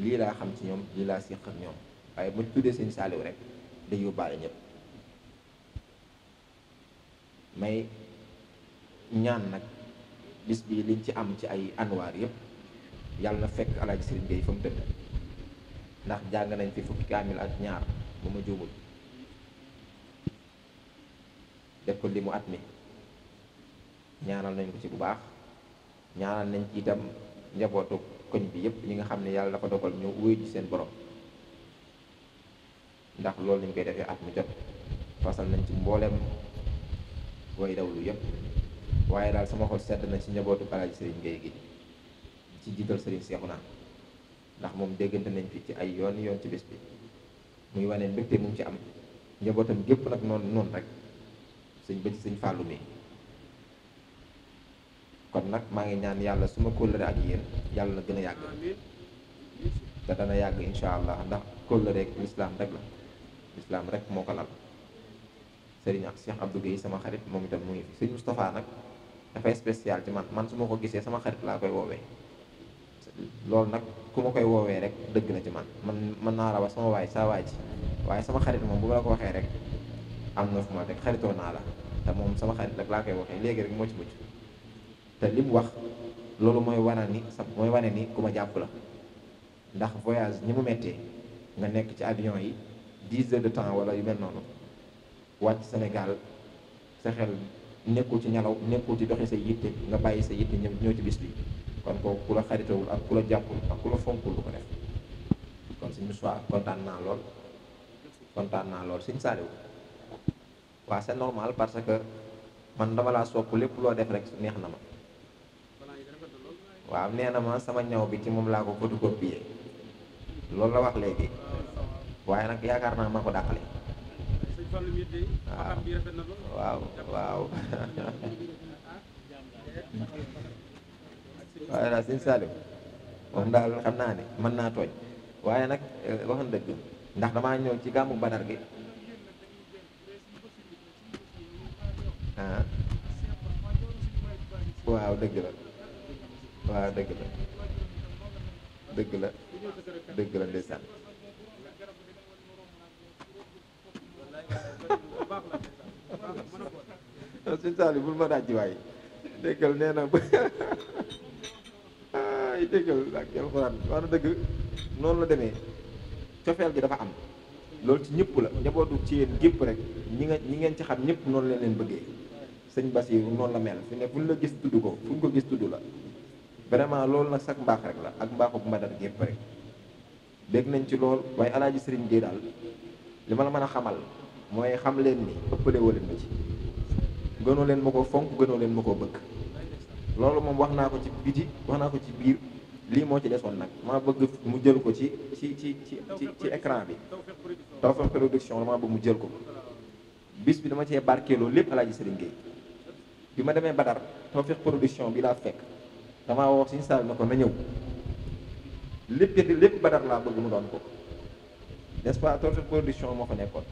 lii laa xam ci ñoom lii laa séq ak ñoom waaye buñ tuddee sëñ saaliw rek day yóbbaale ñëpp may ñaan nag bis bii liñ ci am ci ay anwaar yépp yàlla na fekk alaaji sëriñ Gueye fa mu tëdd ndax jàng nañ fi fukki kaamil ak ñaar bu ma juumul def ko li mu at mi ñaanal nañ ko ci bu baax ñaanal nañ ci itam njabootu koñ bi yëpp ñi nga xam ne yàlla dafa dogal ñëw wéy ci seen borom ndax loolu lañ koy defee at mu jot fasal nañ ci mbooleem way dawlu yëpp waaye daal sama xol sedd na ci njabootu balaaji sëriñ Gueye gi ci jiital sëriñ Seexuna ndax moom déggante nañ fi ci ay yoon yoon ci bis bi muy wane mbégte mu ci am njabootam gépp nag noonu noonu rek sëñ ba ci sëñ fàllu mi kon nag maa ngi ñaan yàlla suma ma ak yéen yàlla na gën a yàgg te dana yàgg incha allah ndax kóllëre ak lislaam rek la lislaam rek moo ko lal sëriñ seex Cheikh Abdou sama xarit moom itam mu ngi fi sëriñ Moustapha nag dafay spécial ci man man su ma ko gisee sama xarit laa koy woowee loolu nag ku ma koy woowee rek dëgg na ci man man mën naa la wax sama waay saa waay ji waaye sama xarit moom bu ma ko waxee rek am na fu ma teg xaritoo naa la te moom sama xarit rek laa koy waxee léegi rek moo ci mucc te li mu wax loolu mooy waral ni sa mooy wane ni ku ma jàpp la ndax voyage ñi mu méttee nga nekk ci avion yi dix heures de temps wala yu mel noonu wàcc Sénégal sa xel nekkul ci ñalaw nekkul ci doxe sa yitte nga bàyyi sa yitte ñëw ñëw ci bis bi kon kooku ku la xaritawul ak ku la jàppul ak ku la fonkul lu ko def kon suñu soit kontaan naa lool kontaan naa lool suñu saaliwu waaw c'est normal parce que man dama laa sopp lépp loo def rek neex na ma waaw nee na ma sama ñaw bi ci moom laa ko photocopier loolu la wax léegi waaye nag yaakaar naa maa ko dàqale waaw waaw waaye daal sëñ Saliou moom daal xam naa ne mën naa tooñ waaye nag eh, waxan dëgg ndax damaa ñëw ci gàmmu badar gi ah. waaw dëgg la waaw dëgg la dëgg la dëgg la ndeysaan suñ saali bul ma dajji waay déggal nee na ay déggal ak alxuraan wax na dëgg noonu la demee cofeel gi dafa am loolu ci ñëpp la njabootu ci yéen gépp rek ñi nga ñi ngeen ci xam ñëpp noonu leen leen bëggee sëñ Basiru noonu la mel fi ne fu ñu la gis tudd ko fu ñu ko gis tudd la vraiment loolu nag sax mbaax rek la ak mbaaxu mbadar gépp rek dégg nañ ci lool waaye alaaji sëriñ gii daal li ma la mën a xamal mooy xam leen ni ëppale woo leen ma ci gënoo leen ma ko fonk gënoo leen ma ko bëgg loolu moom wax naa ko ci biti wax naa ko ci biir lii moo ci desoon nag maa bëgg mu jël ko ci ci ci ci ci ci écran bi Tawfekh Production la maa bëgg mu jël ko bis bi dama cee barkeeloo lépp ji sëriñ Gueye bi ma demee Badar Tawfekh Production bi laa fekk damaa wax suñu saal na ko na ñëw lépp lépp badar laa bëgg mu doon ko n'est-ce pas production moo ko nekkoon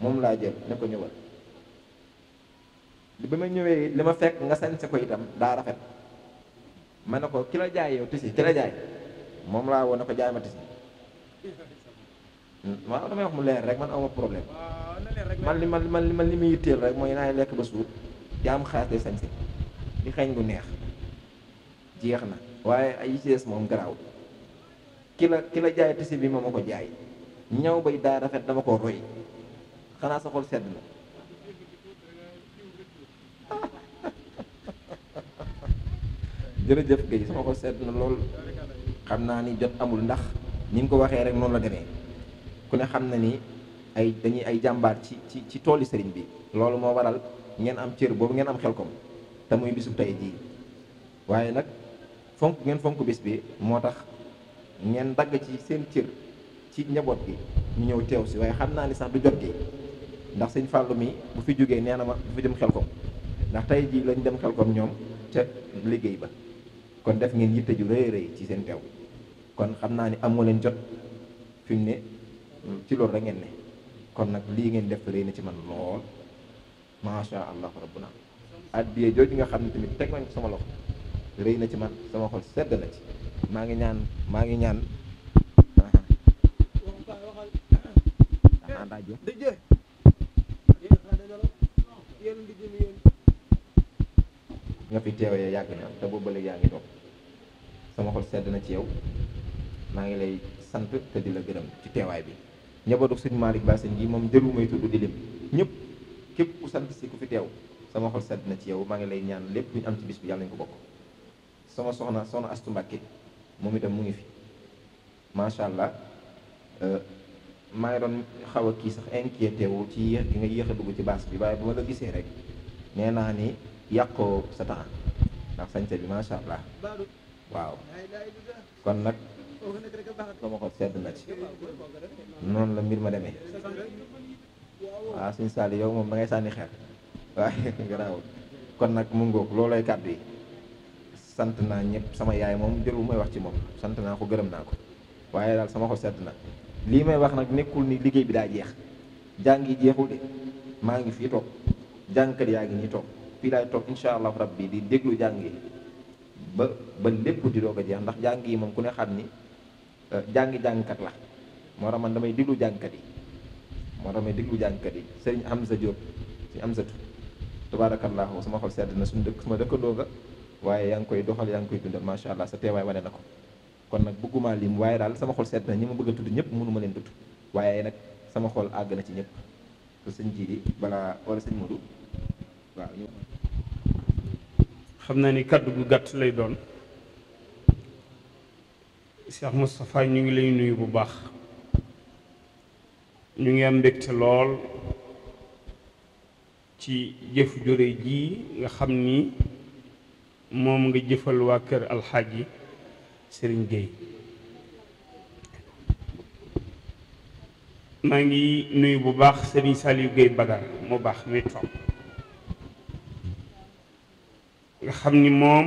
moom laa jël ne ko ñëwal ba ma ñëwee li ma fekk nga sañse ko itam daa rafet ma ne ko ki la jaay yow tisi ki jaay moom laa woon ne ko jaay ma tisi waaw damay wax mu leer rek man aw ma problème man li man man li man li muy yitteel rek mooy naay lekk ba suur jaam xaas de sañse di xeeñ bu neex jeex na waaye ay ci moom garaaw ki la ki la jaay tisi bi ma ma ko jaay ñaw bay daa rafet dama ko roy xanaa sa xol sedd na jërëjëf Guèye sama xol sedd na lool xam naa ni jot amul ndax ni nga ko waxee rek noonu la deme ku ne xam na ni ay dañuy ay jàmbaar ci ci ci tooli sëriñ bi loolu moo waral ngeen am cër boobu ngeen am xelkom te muy bisub tey jii waaye nag fonk ngeen fonk bis bi moo tax ngeen dagg ci seen cër ci njaboot gi ñu ñëw teew si waaye xam naa ni sax du jot gi ndax sëñ fàllu mi bu fi jógee nee na ma bu fi dem xel kom ndax tey jii lañ dem xel kom ñoom ca liggéey ba kon def ngeen yitte ju rëy rëy ci seen teew kon xam naa ni amu leen jot fi mu ne ci loolu rek ngeen ne kon nag lii ngeen def rëy ci man lool macha allah rabbuna addiye jooju nga xam ne tamit teg nañ sama loxo rëy na ci man sama xol sedd na ci maa ngi ñaan maa ngi ñaan nga fi teewee yàgg na te boobu ba yaa ngi toog sama xol sedd na ci yow maa ngi lay sant te di la gërëm ci teewaay bi njabootu sëñ Malick Bassène gi moom jëru may tudd di lim ñëpp képp ku sant si ku fi teew sama xol sedd na ci yow maa ngi lay ñaan lépp lu am ci bis bi yàlla ñu ko bokk sama soxna soxna Astu Mbàkke moom itam mu ngi fi macha allah euh, maa ngi doon xaw a kii sax inquiété ci yéex gi nga yéex a dugg ci baas bi waaye bu ma la gisee rek nee naa ni yàqoo sa temps ndax sañse bi macha allah waaw kon nag sama xol sedd na ci noonu la mbir ma demee waa suñu saali yow moom da ngay sànni xel waaye garaawul kon nag mu ngoog loolooy kàddu yi sant naa ñëpp sama yaay moom jël bu may wax ci moom sant naa ko gërëm naa ko waaye daal sama xol sedd na lii may wax nag nekkul ni liggéey bi daa jeex jàng yi jeexul de maa ngi fii toog jàngkat yaa ngi nii toog fii laay toog incha allah rabbi di déglu jàng yi ba ba lépp di doog a jeex ndax jàng yi moom ku ne xam ni euh, jàngi jàngkat la moo tax man damay déglu jàngkat yi moo tax may déglu jàngkat yi sëriñ Amza Diop sëriñ Amzatu tabaarakallaahu sama xol sedd na suñu dëkk sama dëkkandoo nga waaye yaa ngi koy doxal yaa ngi koy dundal macha allah sa teewaay wane na ko kon nag bëgguma lim waaye daal sama xol seet na ñi ma bëgg a tudd ñëpp mënu ma leen tudd waaye nag sama xol àgg na ci ñëpp te sëñ Jili balaa wala sëñ Modou waaw xam naa ni kaddu gu gàtt lay doon Cheikh Moustapha ñu ngi lay nuyu bu baax ñu ngi am mbégte lool ci jëf jure ji nga xam ni moom nga jëfal waa kër alxaaji sëriñ Géey maa ngi nuyu bu baax sëriñ Saliou Géey Badar mu baax mi toog nga xam ni moom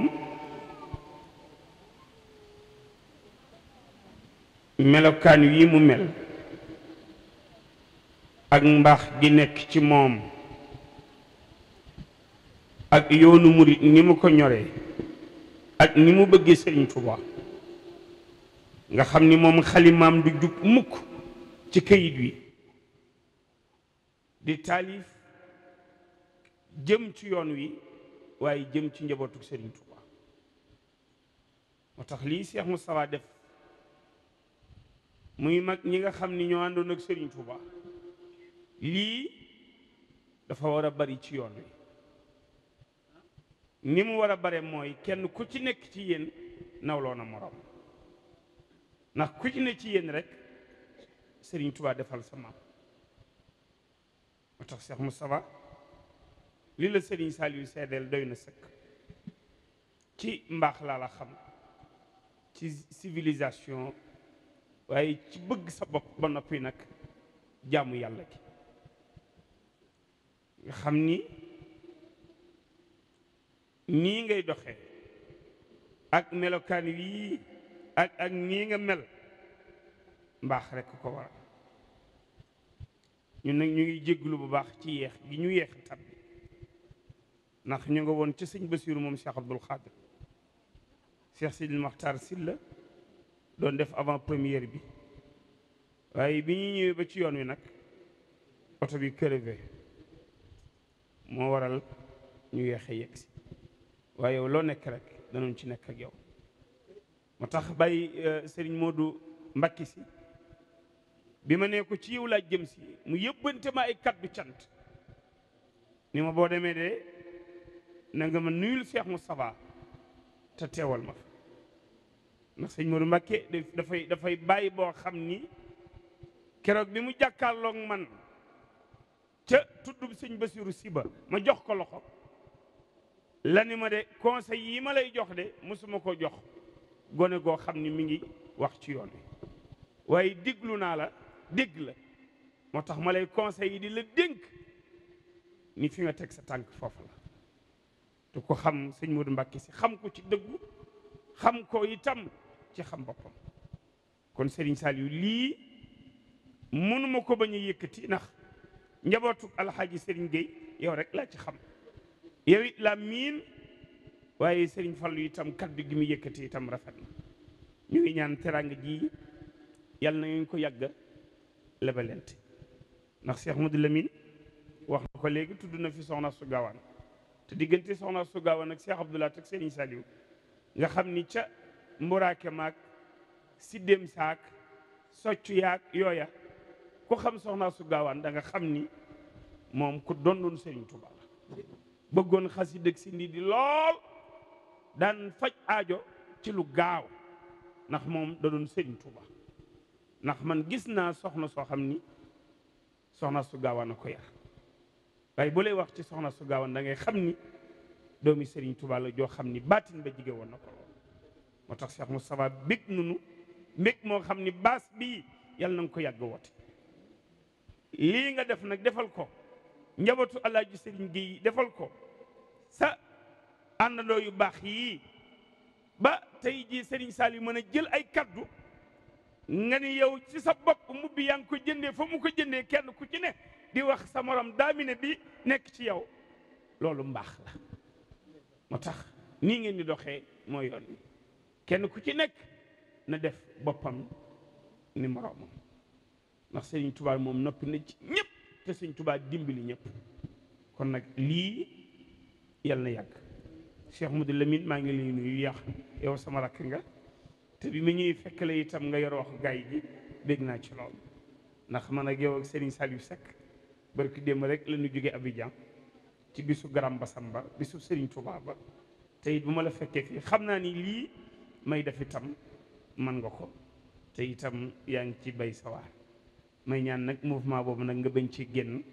melokaan wi mu mel ak mbaax gi nekk ci moom ak yoonu murit ni mu ko ñoree ak ni mu bëggee Sëriñ Tuubaa nga xam ni moom xalimaam du jub mukk ci këyit wi di taalif jëm ci yoon wi waaye jëm ci njabootu Sëriñ Tuubaa moo tax lii Seex mu Mustafaa def muy mag ñi nga xam ni ñoo àndoon ak Sëriñ Tuubaa lii dafa war a bari ci yoon wi ni mu war a bare mooy kenn ku ci nekk ci yéen nawloo na moroom ndax ku ci nekk ci yéen rek sëriñ Touba defal sa maam moo tax Cheikh Moustapha li la sëriñ Saliou seedeel doy na sëkk ci mbaax laa la xam ci civilisation waaye ci bëgg sa bopp ba noppi nag jaamu yàlla ki nga xam ni nii ngay doxe ak melokaan wii ak ak nii nga mel mbaax rekk ko waral ñun nag ñu ngi jégglu bu baax ci yeex gi ñu yeex tab bi ndax ñu nga woon ci sëñ Basiiru moom Cheikh Abdul Xaadir Cheikh Sidi Maxtaar la doon def avant première bi waaye bi ñuy ñëwee ba ci yoon wi nag oto bi crevé moo waral ñu yeexe yegg si waaye yow loo nekk rek danañ ci nekk ak yow moo tax bay euh, sëriñ du mbakki si bi ma nekku ci yow laa jëm si mu yëbbante ma ay kaddu cant ni ma boo demee de na nga ma nuyul Cheikh Moustapha te teewal ma fa ndax dafay dafay bàyyi boo xam ni keroog bi mu jàkkaarloog man ca tuddub sëñ Basiru Siba ma jox ko loxo la ni ma de conseil yi ma lay jox de mosuma ko jox gone goo xam ni mi ngi wax ci yoon wi waaye diglu naa la dégg la moo tax ma lay conseil yi di la dénk ni fi nga teg sa tànk foofu la te ko xam sëñ Modou Mbacke si xam ko ci dëggu xam ko itam ci xam boppam kon sëriñ Serigne Saliou lii mënuma ko bañ a yëkkati ndax njabootu alxaaji Serigne Gueye yow rek laa ci xam yow it la miin waaye sëriñ Fallu yitam kaddu gi mu yëkkati itam rafet na ñu ngi ñaan teraanga ji yàlla na ngeen ko yàgg lebalente ndax Cheikh Modou Lamine wax na ko léegi tudd na fi soxna su gaawaan te diggante soxna su gaawaan ak Cheikh Abdoulaye teg sëriñ Saliou nga xam ni ca mburaake maag siddéem saak soccu yaag yooya ku xam soxna su gaawaan danga xam ni moom ku dondoon sëriñ Tuubaa la bëggoon xasida si sindi di lool daan faj aajo ci lu gaaw ndax moom da doon sëriñ Tuuba ndax man gis naa soxna soo xam ni soxna su gaawaan a ko yar waaye bu lay wax ci soxna su gaawaan da ngay xam ni doomi sëriñ Tuuba la joo xam ni baatin ba jige woon na ko lool moo tax mu Moustapha bég nunu mbég moo xam ni baas bii yàlla na nga ko yàgg woote lii nga def nag defal ko njabootu alaaji sëriñ gi defal ko sa àndandoo yu baax yii ba tey jii sëriñ Saliou mën a jël ay kaddu nga ni yow ci sa bopp mu mbubbi yaa ngi ko jëndee foo mu ko jëndee kenn ku ci nekk di wax sa morom daamine bi nekk ci yow loolu mbaax la moo tax nii ngeen di doxee moo yoon kenn ku ci nekk na def boppam ni moroomam ndax sëriñ Tuubaa moom noppi na ci ñépp te tubaab Tuubaa dimbali ñëpp kon nag lii yal na yàgg Cheikh Modou lamit maa ngi lay nuyu yàq yow sama rakk nga te bi mu ñuy fekk la itam nga yor wax gaay ji bég naa ci lool ndax man ak yow ak Serigne Saliou sekk barki démb rek la ñu jóge Abidjan ci bisu Garam ba bisu Serigne Touba ba te it bu ma la fekkee fii xam naa ni lii may def itam man nga ko te itam yaa ngi ci bay sawaar may ñaan nag mouvement boobu nag nga bañ ci génn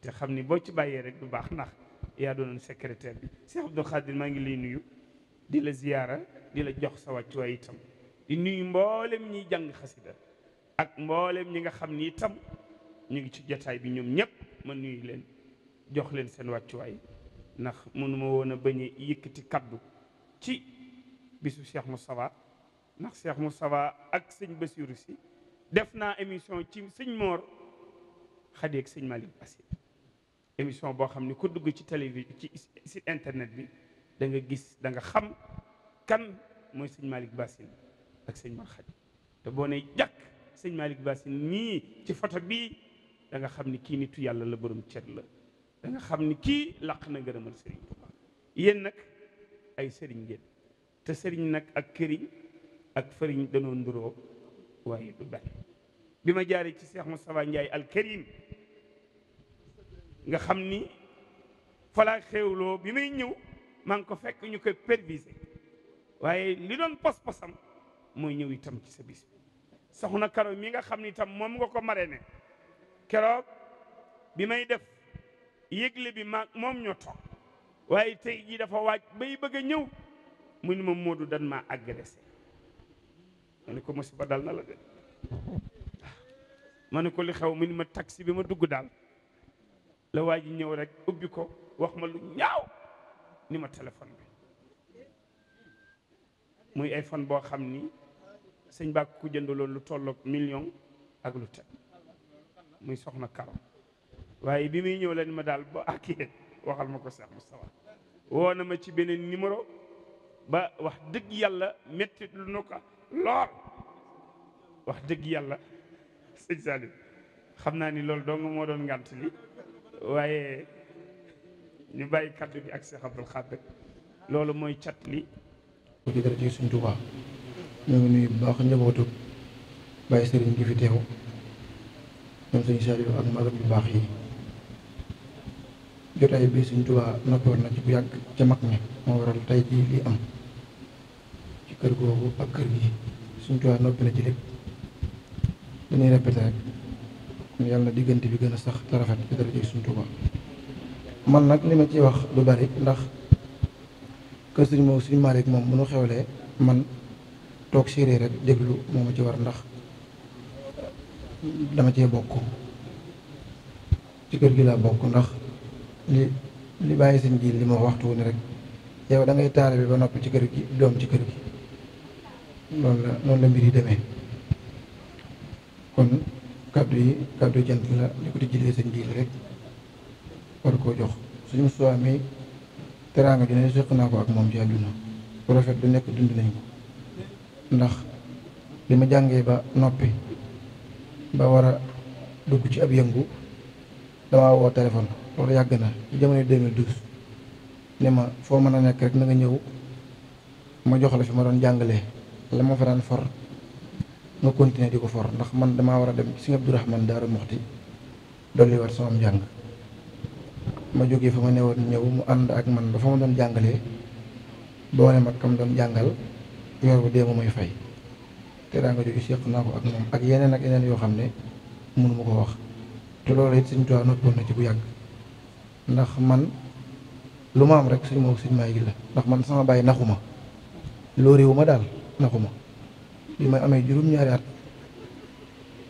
te xam ni boo ci bàyyee rek du baax ndax yaa doon secrétaire bi seex Abdou Khadir maa ngi lay nuyu di la ziyaara di la jox sa wàccuwaay itam di nuyu mboolem ñiy jàng xasida ak mboolem ñi nga xam ni itam ñu ngi ci jotaay bi ñoom ñëpp ma nuyu leen jox leen seen wàccuwaay ndax mënuma woon a bañ a yëkkati ci bisu Cheikh Moustapha ndax Cheikh Moustapha ak sëñ Bassirou si def naa émission ci sëñ Mor Xadi ak sëñ Malick Basir émission boo xam ne ku dugg ci télévision ci internet bi danga gis danga xam kan mooy sëñ Malick Basir ak sëñ Mor Xadi te boo ne jàkk sëñ Malick Basir nii ci photo bii danga xam ni kii nitu yàlla la borom cër la da xam ni kii làq na gërëmal sëriñ Tuuba yéen nag ay sëriñ ngeen te sëriñ nag ak këriñ ak fëriñ danoo nduroo waaye du benn bi ma jaaree ci Cheikh Moustapha Ndiaye al Karim nga xam ni falaa xéewloo bi may ñëw maa ngi ko fekk ñu koy perviser waaye li doon pos-posam mooy ñëw itam ci sa bis soxna Karo mii nga xam ni itam moom nga ko mare ne keroog bi may def yëgle bi maag moom ñoo toog waaye tey jii dafa waaj bay bëgg a ñëw mu ni ma Modou dan maa agressé ma ne ko musiba dal na la de ma ne ko li xew mu ni ma taxi bi ma dugg daal la waa ji ñëw rek ubbi ko wax ma lu ñaaw ni ma téléphone bi muy iPhone boo xam ni sëñ baa ku jënd loolu lu tollook million ak lu teg muy soxna karo waaye bi muy ñëw leen ma daal ba àkkee waxal ma ko Cheikh Moustapha woo na ma ci beneen numéro ba wax dëgg yàlla métti lu nu ko lool wax dëgg yàlla sëñ Saliou xam naa ni loolu dong moo doon ngànt li waaye ñu bàyyi kaddu bi ak Cheikh Abdoul Khadr loolu mooy cat li di dara ci suñ Tuubaa ñoo ngi nuyu bu baax njabootu bàyyi sëriñ gi fi teew ñoom sëñ Saliou ak magam yu baax yi jotaay bi suñ Tuubaa noppoon na ci bu yàgg ca mag mi moo waral tey jii li am ci kër googu ak kër gi suñ Tuubaa noppi na ci lépp dañuy répété rek kon yàlla diggante bi gën a sax te rafet ci dara suñu Tuuba man nag li ma ciy wax du bari ndax kër suñu moom suñu moom bu nu xewlee man toog séeréer rek déglu moo ma ci war ndax dama cee bokk ci kër gi laa bokk ndax li li bàyyi seen ji li ma waxtu wu ne rek yow da ngay taara bi ba noppi ci kër gi doom ci kër gi loolu la noonu la mbir yi demee kon kaddu yi kaddu jant la ñu ko di jëlee seen njiit rek war koo jox suñu Moustapha mi teraanga ju ne seq naa ko ak moom ci àdduna bu rafet du nekk dund nañ ko ndax li ma jàngee ba noppi ba war a dugg ci ab yëngu damaa woo téléphone loolu yàgg na ci jamono 2012 ne ma foo mën a nekk rek na nga ñëw ma jox la fi ma doon jàngalee la ma fa for nga continuer di ko for ndax man damaa war a dem si Abdourahmane Daaru Muxti dolli war sama njàng ma jóge fa ma newoon ñëw mu ànd ak man dafa ma doon jàngalee ba ma ne mat kam doon jàngal yor bu dee ma may fay te daa nga jóge séq naa ko ak moom ak yeneen ak yeneen yoo xam ne mënu ko wax te loolu it suñ tuwaa noppoon na ci bu yàgg ndax man lu ma am rek suñ moo suñ maa gi la ndax man sama bàyyi naxu ma lóorewu ma daal naxu ma li ma amee juróom-ñaari at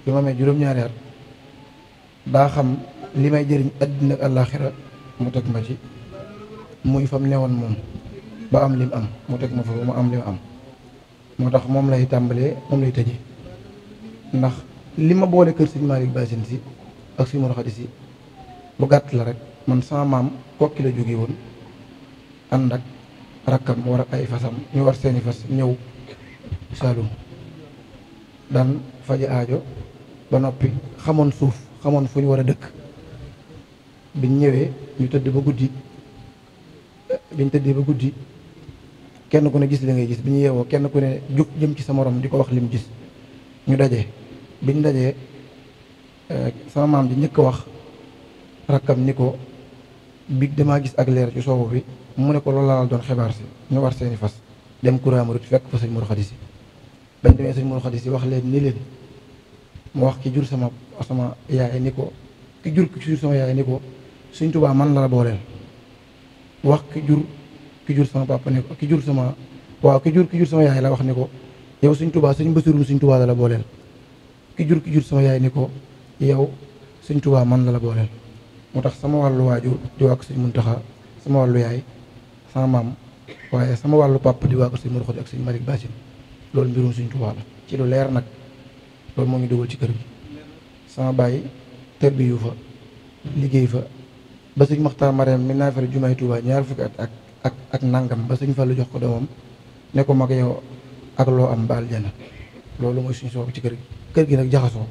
bi amee juróom-ñaari daa xam li may jëriñ àddina ak àllaaxira mu teg ma ci muy fam woon moom ba am lim am mu teg ma fa ba mu am lim am moo tax moom lay tàmbalee moom lay tëje ndax li ma boole kër sëñ Malick Bassine si ak suñu moroxati si bu gàtt la rek man sama maam kokki la jóge woon ànd ak rakkam war ay fasam ñu war seeni fas ñëw Saalum daan faji aajo ba noppi xamoon suuf xamoon fu ñu war a dëkk biñ ñëwee ñu tëdd ba guddi biñ tëddee ba guddi kenn ku ne gis li ngay gis bi ñu yewoo kenn ku ne jug jëm ci sa morom di ko wax lim gis ñu daje biñ dajee eh, sama maam di njëkk wax rakkam ni ko biig damaa gis ak leer ci soowu bi mu ne ko loolu laa doon xibaar si ñu war seeni fas dem kuraamu rek fekk fa sañ Mor Xadi Si bañ demee sëñ Mourou Khadis si wax leen ni leen mu wax ki jur sama sama yaay ni ko ki jur ki jur sama yaay ni ko sëñ Tuubaa man la la booleel wax ki jur ki jur sama papa ni ko ki waaw ki jur ki jur sama yaay la wax ni ko yow suñ Tuubaa suñ Basiru mu sëñ Tuubaa la la booleel ki jur ki jur sama yaay ni ko yow sëñ Tuubaa man la la booleel moo tax sama wàllu waajur di waa ko sëñ Muntaxa sama wàllu yaay sama maam waaye sama wàllu papa di waa ko sëñ Mourou Khadis ak sëñ Malick Bassine loolu mbirum suñ Tuubaa ci lu leer nag loolu moo ngi dugal ci kër gi sama bàyyi tërbiyu fa liggéey fa ba suñ Maxtaar Mariam mi naa fari jumaay Tuubaa ñaar fukki ak ak ak nangam ba suñ Fallu jox ko doomam ne ko mag yow ak loo am baal jana loolu mooy suñ soobu ci kër gi kër gi nag jaxasoo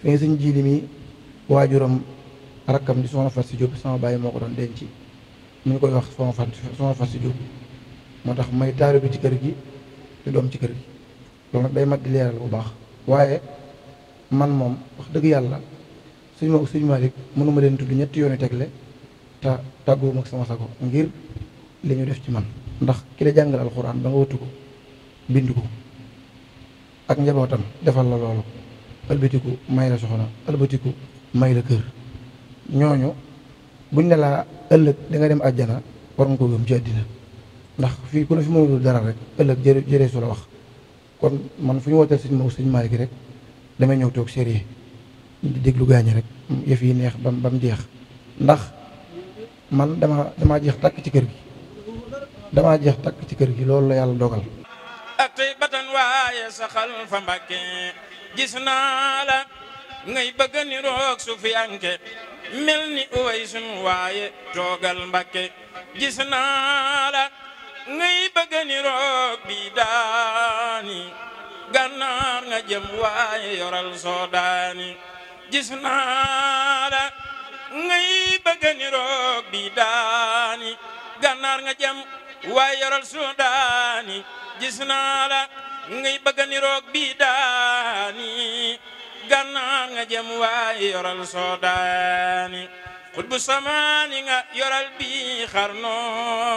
fi nga suñ jiili rakkam di soxna Fatou Diop sama bàyyi moo ko doon denc mu ngi koy wax soxna Fatou soxna Fatou moo tax may bi ci kër gi te doom ci kër gi loolu nag day mat di leeral bu baax waaye man moom wax dëgg yàlla sëñ ma sëñ Malick mënuma leen tudd ñetti yooni tegle ta tàggoom ak sama sago ngir li ñu def ci man ndax ki la jàngal alxuraan ba nga wattu ko bind ko ak njabootam defal la loolu ëlbatiku may la soxona ëlbatiku may la kër ñooñu buñ ne laa ëllëg danga dem àjjana war nga ko gëm ci àddina ndax fii ku ne fi mënul dara rek ëllëg jërë jëree su la wax kon man fu ñu wootee sëñ Maodo sëñ Malick rek damay ñëw toog sérieux di déglu gaañi rek yëf yi neex ba mu jeex ndax man dama dama jeex tàkk ci kër gi damaa jeex tàkk ci kër gi loolu la yàlla dogal ak tey batan waaye saxal fa mbàkke gis naa la ngay bëgg ni su fi mel ni uway sun waaye toogal mbàkke gis naa la ngay bëgg ni roog bi gànnaar nga jëm waaye yoral soodaani gis naa la ngay bëgg ni roog bi daani gànnaar nga jëm waaye yoral soodaani gis naa la ngay bëgg ni roog bi daani gànnaar nga jëm waaye yoral soodaani xutbu samaani nga yoral bi xarnoo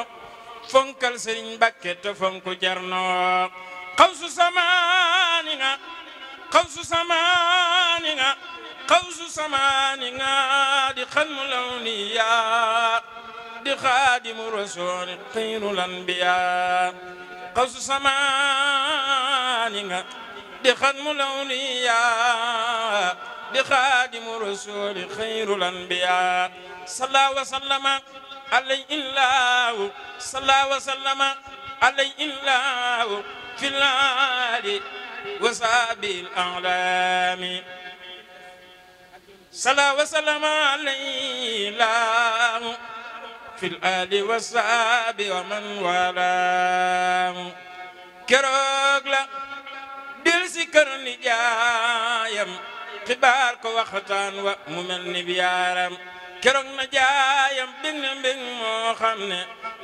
fonkal sëriñ Mbàkke te fonku jarnoo قوس زماننا قوس زماننا قوس زماننا دي خدم الأولياء دي خادم رسول خير الأنبياء قوس زماننا دي خدم الأولياء دي خادم رسول خير الأنبياء صلى وسلم عليه الله صلى وسلم عليه الله في العالي وصاب الأعلام صلى وسلم عليه الله في الآل والصحاب ومن والاه keroog la del si kër nijaayam xibaar ko waxtaan wa mu mel ni biyaaram keroog na jaayam bég na mbég moo xam ne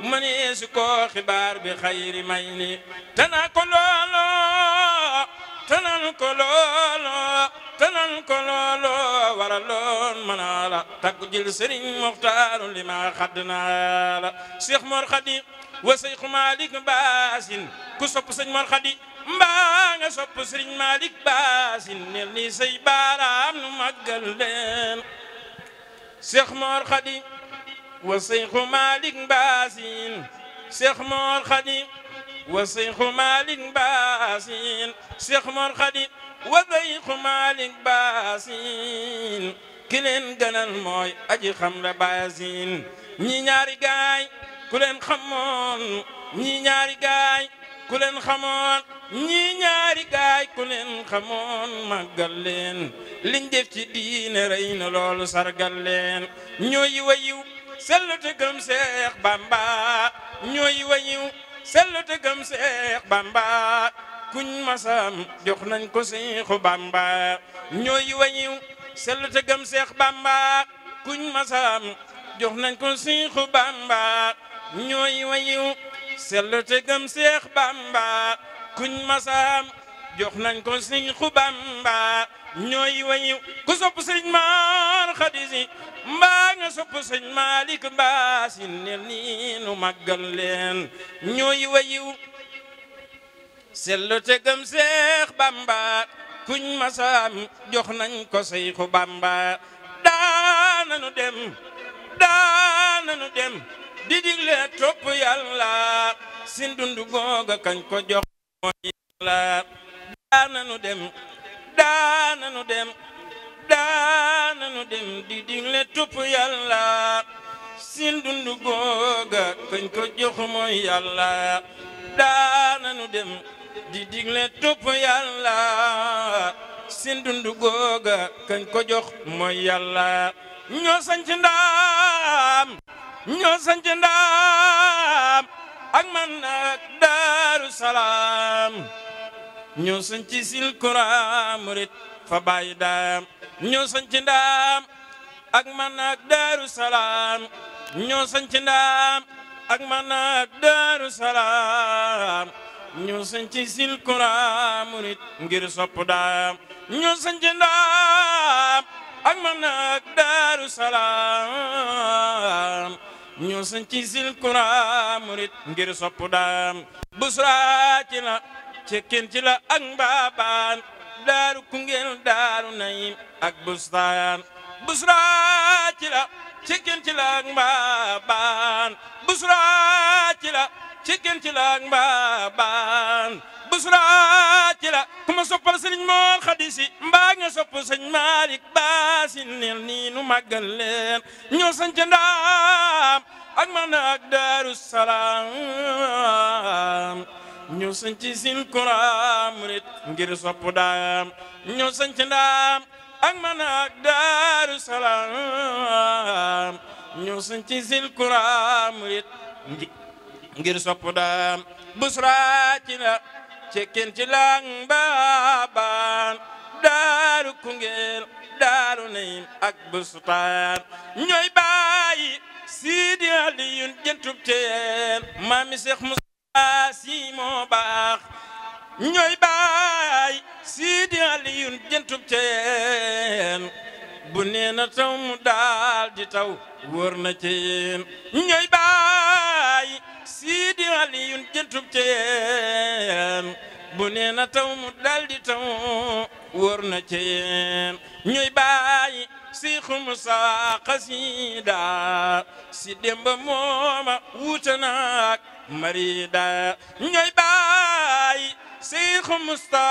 mënee su ko xibaar bi xayri may ni tanal ko loolo tanal ko loolo tanal ko loolo waraloon mënaa la takku jël sëriñ muxtaaru li ma xadd naa la Mor Khady wa Cheikh Malick Basin ku sopp sëñ Mor Khady mbaa nga sopp sëriñ Malick Basin nel ni baaraam nu màggal leen Cheikh Mor Khady wa Cheikh Malick Mbassine Cheikh Mor Khady wa Cheikh Malick Mbassine Cheikh Mor Khady wa Cheikh Malick Mbassine ki leen mooy aji xam la Mbassine ñi ñaari gaay ku leen xamoon ñi ñaari gaay ku leen xamoon ñii ñaari gaay ku leen xamoon màggal leen liñ def ci diine rey na loolu sargal leen ñoo yi wayiw sellu te gëm seex bamba ñoo yi wayiw sellu te gëm seex bamba kuñ masam jox nañ ko seexu bamba ñoo yi wayiw sellu te gëm seex bamba kuñ masam jox nañ ko seexu bamba ñoo yi wayiw sellu te gëm seex bamba kuñ masaam jox nañ ko sëñ xu bamba ñooy wayu ku sopp sëñ maar xadisi mbaa sopp sëñ maalik mbaa si ne màggal leen ñooy wayu sellu te gëm seex bamba kuñ masaam jox nañ ko xu bamba daananu dem daananu dem di digle topp yàlla sin dund googa kañ ko jox mooy yàlla daananu dem daananu dem daananu dem di digle topp kañ ko jox mooy yàlla daananu dem di digle topp yàlla kañ ko jox mooy yàlla ñoo ñoo sanc ndaam ak man ak daaru salaam ñoo sanc silkura murit fa bàyyi daam ñoo sanc ndaam ak man ak daaru salaam ñoo sanc ndaam ak man ak daaru salaam ñoo sanc silkura murit ngir sopp daam ñoo sanc ndaam ak man ak daaru salaam ñu sañ ci silkura murit ngir soppu daam busra ci la ci kin ci la ak mbaabaan daaru kungeel daaru nayim ak bustaan busra ci la ci kin ci la ak mbaabaan busra ci la ci kin ci la ak mbaabaan busra ci la ku ma soppal sëriñ moor xadisi mbaa nga sopp sëñ Malick Basin neel nii nu màggal leen ñoo sanc ndaam ak man ak daaru salaam ñoo sanc sin kuraam rit ngir sopp daam ñoo sanc ndaam ak man ak daaru salaam ñoo sanc sin kuraam cekken ci lang baabaan daaru Koungheul daaru Naim ak bustaan ñooy bàyyi Sidi Aliyun jëntub teen maami Cheikh Moussa si moo baax ñooy bàyyi Sidi Aliyun jëntub teen bu nee na taw mu daal di taw wóor na ci yéen ñooy bàyyi siidi aliyun jëntub ceyeen bu neena taw mu daldi taw wóor na ceyeen ñuy bàyyi siixu musa xasiida si démba mooma wuute naak marida ñooy bàyyi siixu musa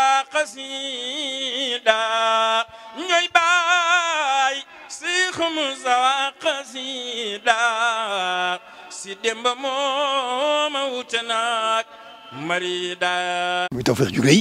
si démb mooma wute naag mari daa muy tawfeex ju rëy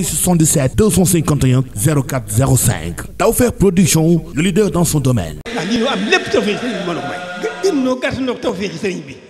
woote 77 251 04